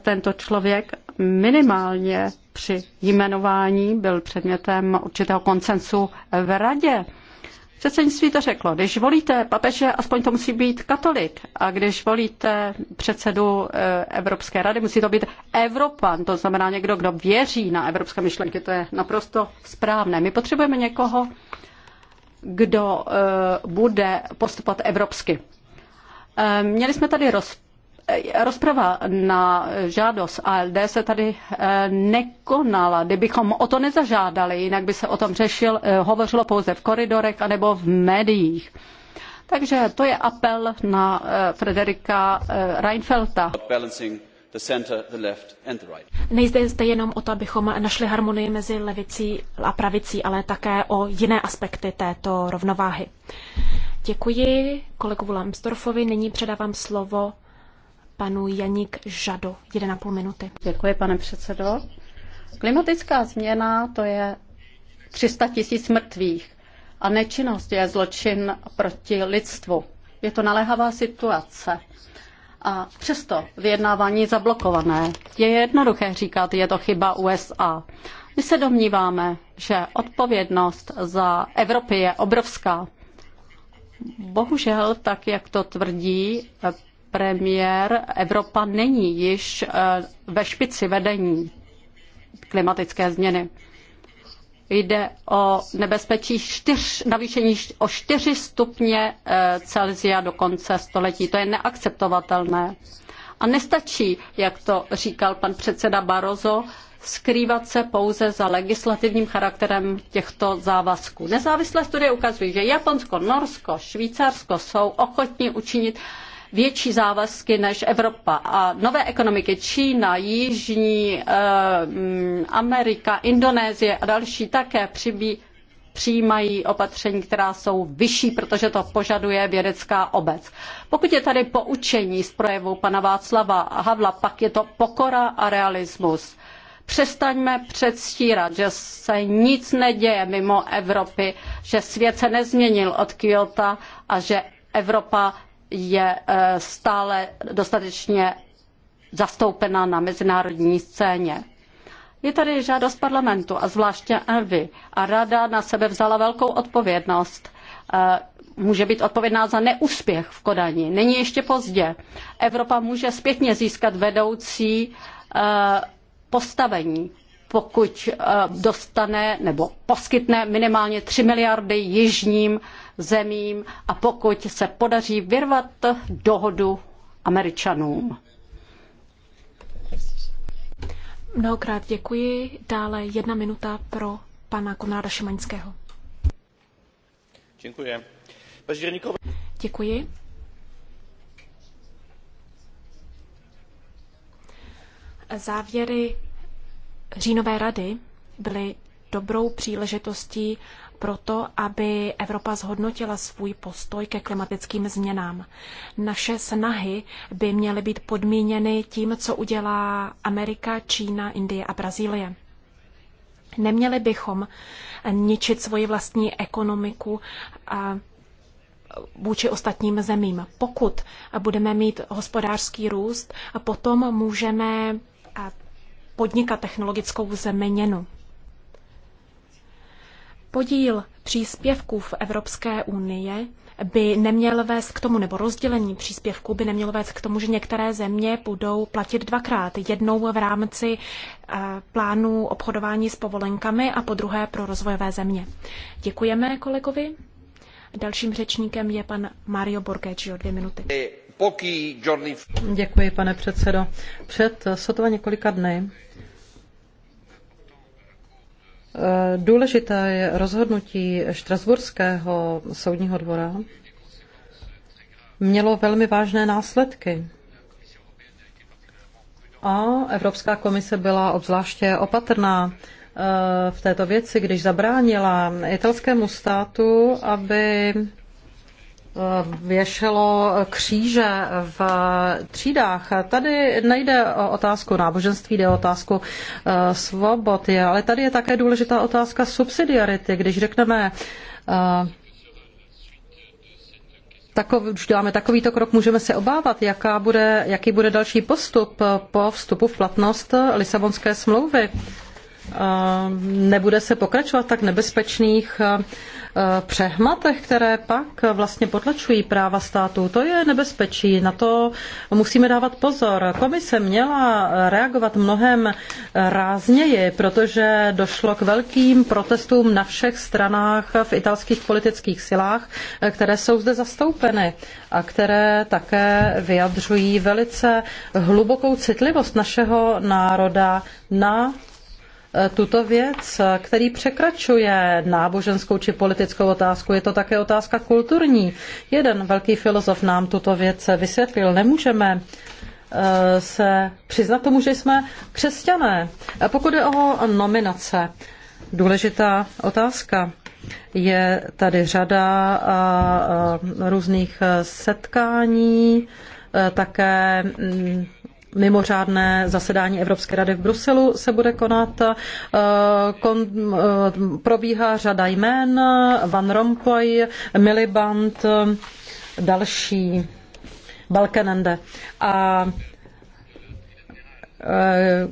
tento člověk minimálně při jmenování byl předmětem určitého koncensu v radě. Předsednictví to řeklo, když volíte papeže, aspoň to musí být katolik. A když volíte předsedu eh, Evropské rady, musí to být Evropan, to znamená někdo, kdo věří na evropské myšlenky. To je naprosto správné. My potřebujeme někoho, kdo eh, bude postupovat evropsky. Eh, měli jsme tady rozpočet rozprava na žádost ALD se tady eh, nekonala. Kdybychom o to nezažádali, jinak by se o tom řešil, eh, hovořilo pouze v koridorech anebo v médiích. Takže to je apel na eh, Frederika Reinfelta. Nejde zde jenom o to, abychom našli harmonii mezi levicí a pravicí, ale také o jiné aspekty této rovnováhy. Děkuji kolegovu Lambsdorfovi. Nyní předávám slovo panu Janík Žado. 1,5 minuty. Děkuji, pane předsedo. Klimatická změna to je 300 tisíc mrtvých a nečinnost je zločin proti lidstvu. Je to naléhavá situace. A přesto vyjednávání je zablokované. Je jednoduché říkat, je to chyba USA. My se domníváme, že odpovědnost za Evropy je obrovská. Bohužel, tak jak to tvrdí premiér, Evropa není již eh, ve špici vedení klimatické změny. Jde o nebezpečí čtyř, navýšení o 4 stupně eh, Celsia do konce století. To je neakceptovatelné. A nestačí, jak to říkal pan předseda Barroso, skrývat se pouze za legislativním charakterem těchto závazků. Nezávislé studie ukazují, že Japonsko, Norsko, Švýcarsko jsou ochotní učinit větší závazky než Evropa. A nové ekonomiky Čína, Jižní eh, mm, Amerika, Indonésie a další také přibí, přijímají opatření, která jsou vyšší, protože to požaduje vědecká obec. Pokud je tady poučení z projevu pana Václava Havla, pak je to pokora a realismus. Přestaňme předstírat, že se nic neděje mimo Evropy, že svět se nezměnil od Kyoto a že Evropa je eh, stále dostatečně zastoupena na mezinárodní scéně. Je tady žádost parlamentu a zvláště Envy a rada na sebe vzala velkou odpovědnost. Eh, může být odpovědná za neúspěch v Kodani. Není ještě pozdě. Evropa může zpětně získat vedoucí eh, postavení pokud eh, dostane nebo poskytne minimálně 3 miliardy jižním zemím a pokud se podaří vyrvat dohodu Američanům. Mnohokrát děkuji. Dále jedna minuta pro pana Konráda Šimaňského. Děkuji. Děkuji. Závěry Říjnové rady byly dobrou příležitostí pro to, aby Evropa zhodnotila svůj postoj ke klimatickým změnám. Naše snahy by měly být podmíněny tím, co udělá Amerika, Čína, Indie a Brazílie. Neměli bychom ničit svoji vlastní ekonomiku a vůči ostatním zemím. Pokud budeme mít hospodářský růst, potom můžeme podnikat technologickou zeměnu. Podíl příspěvků v Evropské unie by neměl vést k tomu, nebo rozdělení příspěvků by nemělo vést k tomu, že některé země budou platit dvakrát. Jednou v rámci eh, plánu obchodování s povolenkami a po druhé pro rozvojové země. Děkujeme kolegovi. Dalším řečníkem je pan Mario o dvě minuty. Děkuji, pane předsedo. Před eh, sotva několika dny Eh, důležité je rozhodnutí Štrasburského soudního dvora mělo velmi vážné následky. A Evropská komise byla obzvláště opatrná eh, v této věci, když zabránila italskému státu, aby věšelo kříže v třídách. Tady nejde o otázku náboženství, jde o otázku e, svobody, Ale tady je také důležitá otázka subsidiarity. Když řekneme, e, Takový, už děláme takovýto krok, můžeme se obávat, jaká bude, jaký bude další postup po vstupu v platnost Lisabonské smlouvy. E, nebude se pokračovat tak nebezpečných Eh, přehmatech, které pak vlastně potlačují práva států. To je nebezpečí, na to musíme dávat pozor. Komise měla reagovat mnohem rázněji, protože došlo k velkým protestům na všech stranách v italských politických silách, eh, které jsou zde zastoupeny a které také vyjadřují velice hlubokou citlivost našeho národa na tuto věc, který překračuje náboženskou či politickou otázku. Je to také otázka kulturní. Jeden velký filozof nám tuto věc vysvětlil. Nemůžeme eh, se přiznat tomu, že jsme křesťané. A pokud je o nominace, důležitá otázka. Je tady řada eh, eh, různých setkání, také mm, Mimořádné zasedání Evropské rady v Bruselu se bude konat. Eh, kon, eh, probíhá řada jmén, Van Rompuy, Miliband, další, Balkenende. A eh,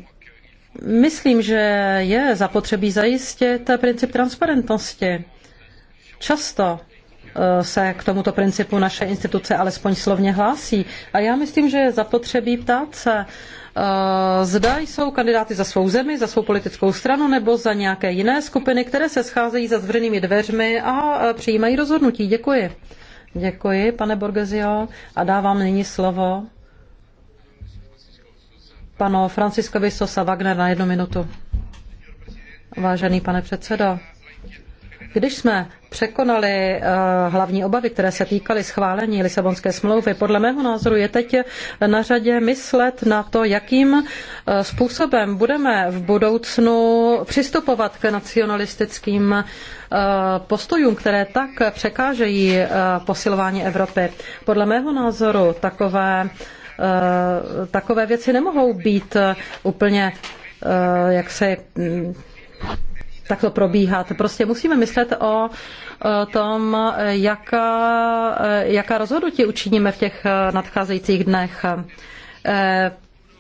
myslím, že je zapotřebí zajistit princip transparentnosti. Často Eh, se k tomuto principu naše instituce alespoň slovně hlásí. A já myslím, že je zapotřebí ptát se, eh, zda jsou kandidáty za svou zemi, za svou politickou stranu nebo za nějaké jiné skupiny, které se scházejí za zvřenými dveřmi a eh, přijímají rozhodnutí. Děkuji. Děkuji, pane Borgesio, a dávám nyní slovo panu Franciskovi Sosa Wagner na jednu minutu. Vážený pane předsedo, když jsme překonali eh, hlavní obavy, které se týkaly schválení Lisabonské smlouvy, podle mého názoru je teď na řadě myslet na to, jakým eh, způsobem budeme v budoucnu přistupovat k nacionalistickým eh, postojům, které tak překážejí posilování Evropy. Podle mého názoru takové, takové věci nemohou být úplně jaksi hm, takto probíhat. Prostě musíme myslet o tom, jaká, jaká rozhodnutí učiníme v těch nadcházejících dnech. E,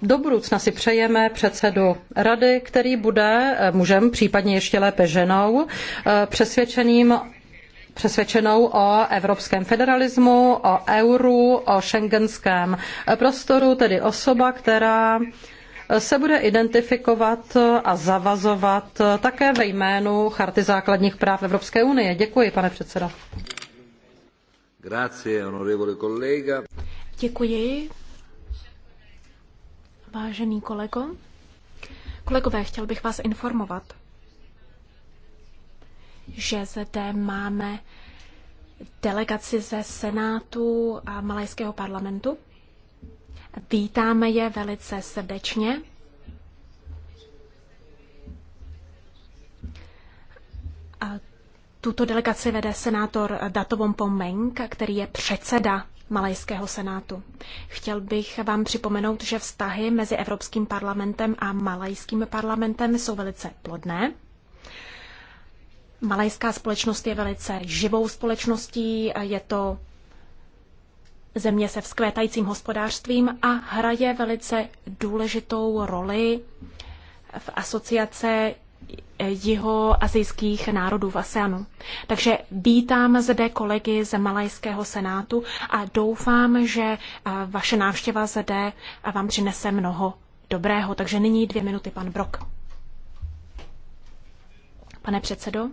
do budoucna si přejeme předsedu rady, který bude mužem, případně ještě lépe ženou, e, přesvědčeným přesvědčenou o evropském federalismu, o euru, o šengenském prostoru, tedy osoba, která se bude identifikovat a zavazovat také ve jménu Charty základních práv Evropské unie. Děkuji, pane předsedo. Grazie, onorevole collega. Děkuji, vážený kolego. Kolegové, chtěl bych vás informovat, že zde máme delegaci ze Senátu a Malajského parlamentu. Vítáme je velice srdečně. A tuto delegaci vede senátor Datovom Pomeng, který je předseda Malajského senátu. Chtěl bych vám připomenout, že vztahy mezi Evropským parlamentem a Malajským parlamentem jsou velice plodné. Malajská společnost je velice živou společností, je to země se vzkvétajícím hospodářstvím a hraje velice důležitou roli v asociace jihoazijských národů v ASEANu. Takže vítám zde kolegy z Malajského senátu a doufám, že eh, vaše návštěva zde vám přinese mnoho dobrého. Takže nyní dvě minuty, pan Brok. Pane předsedo.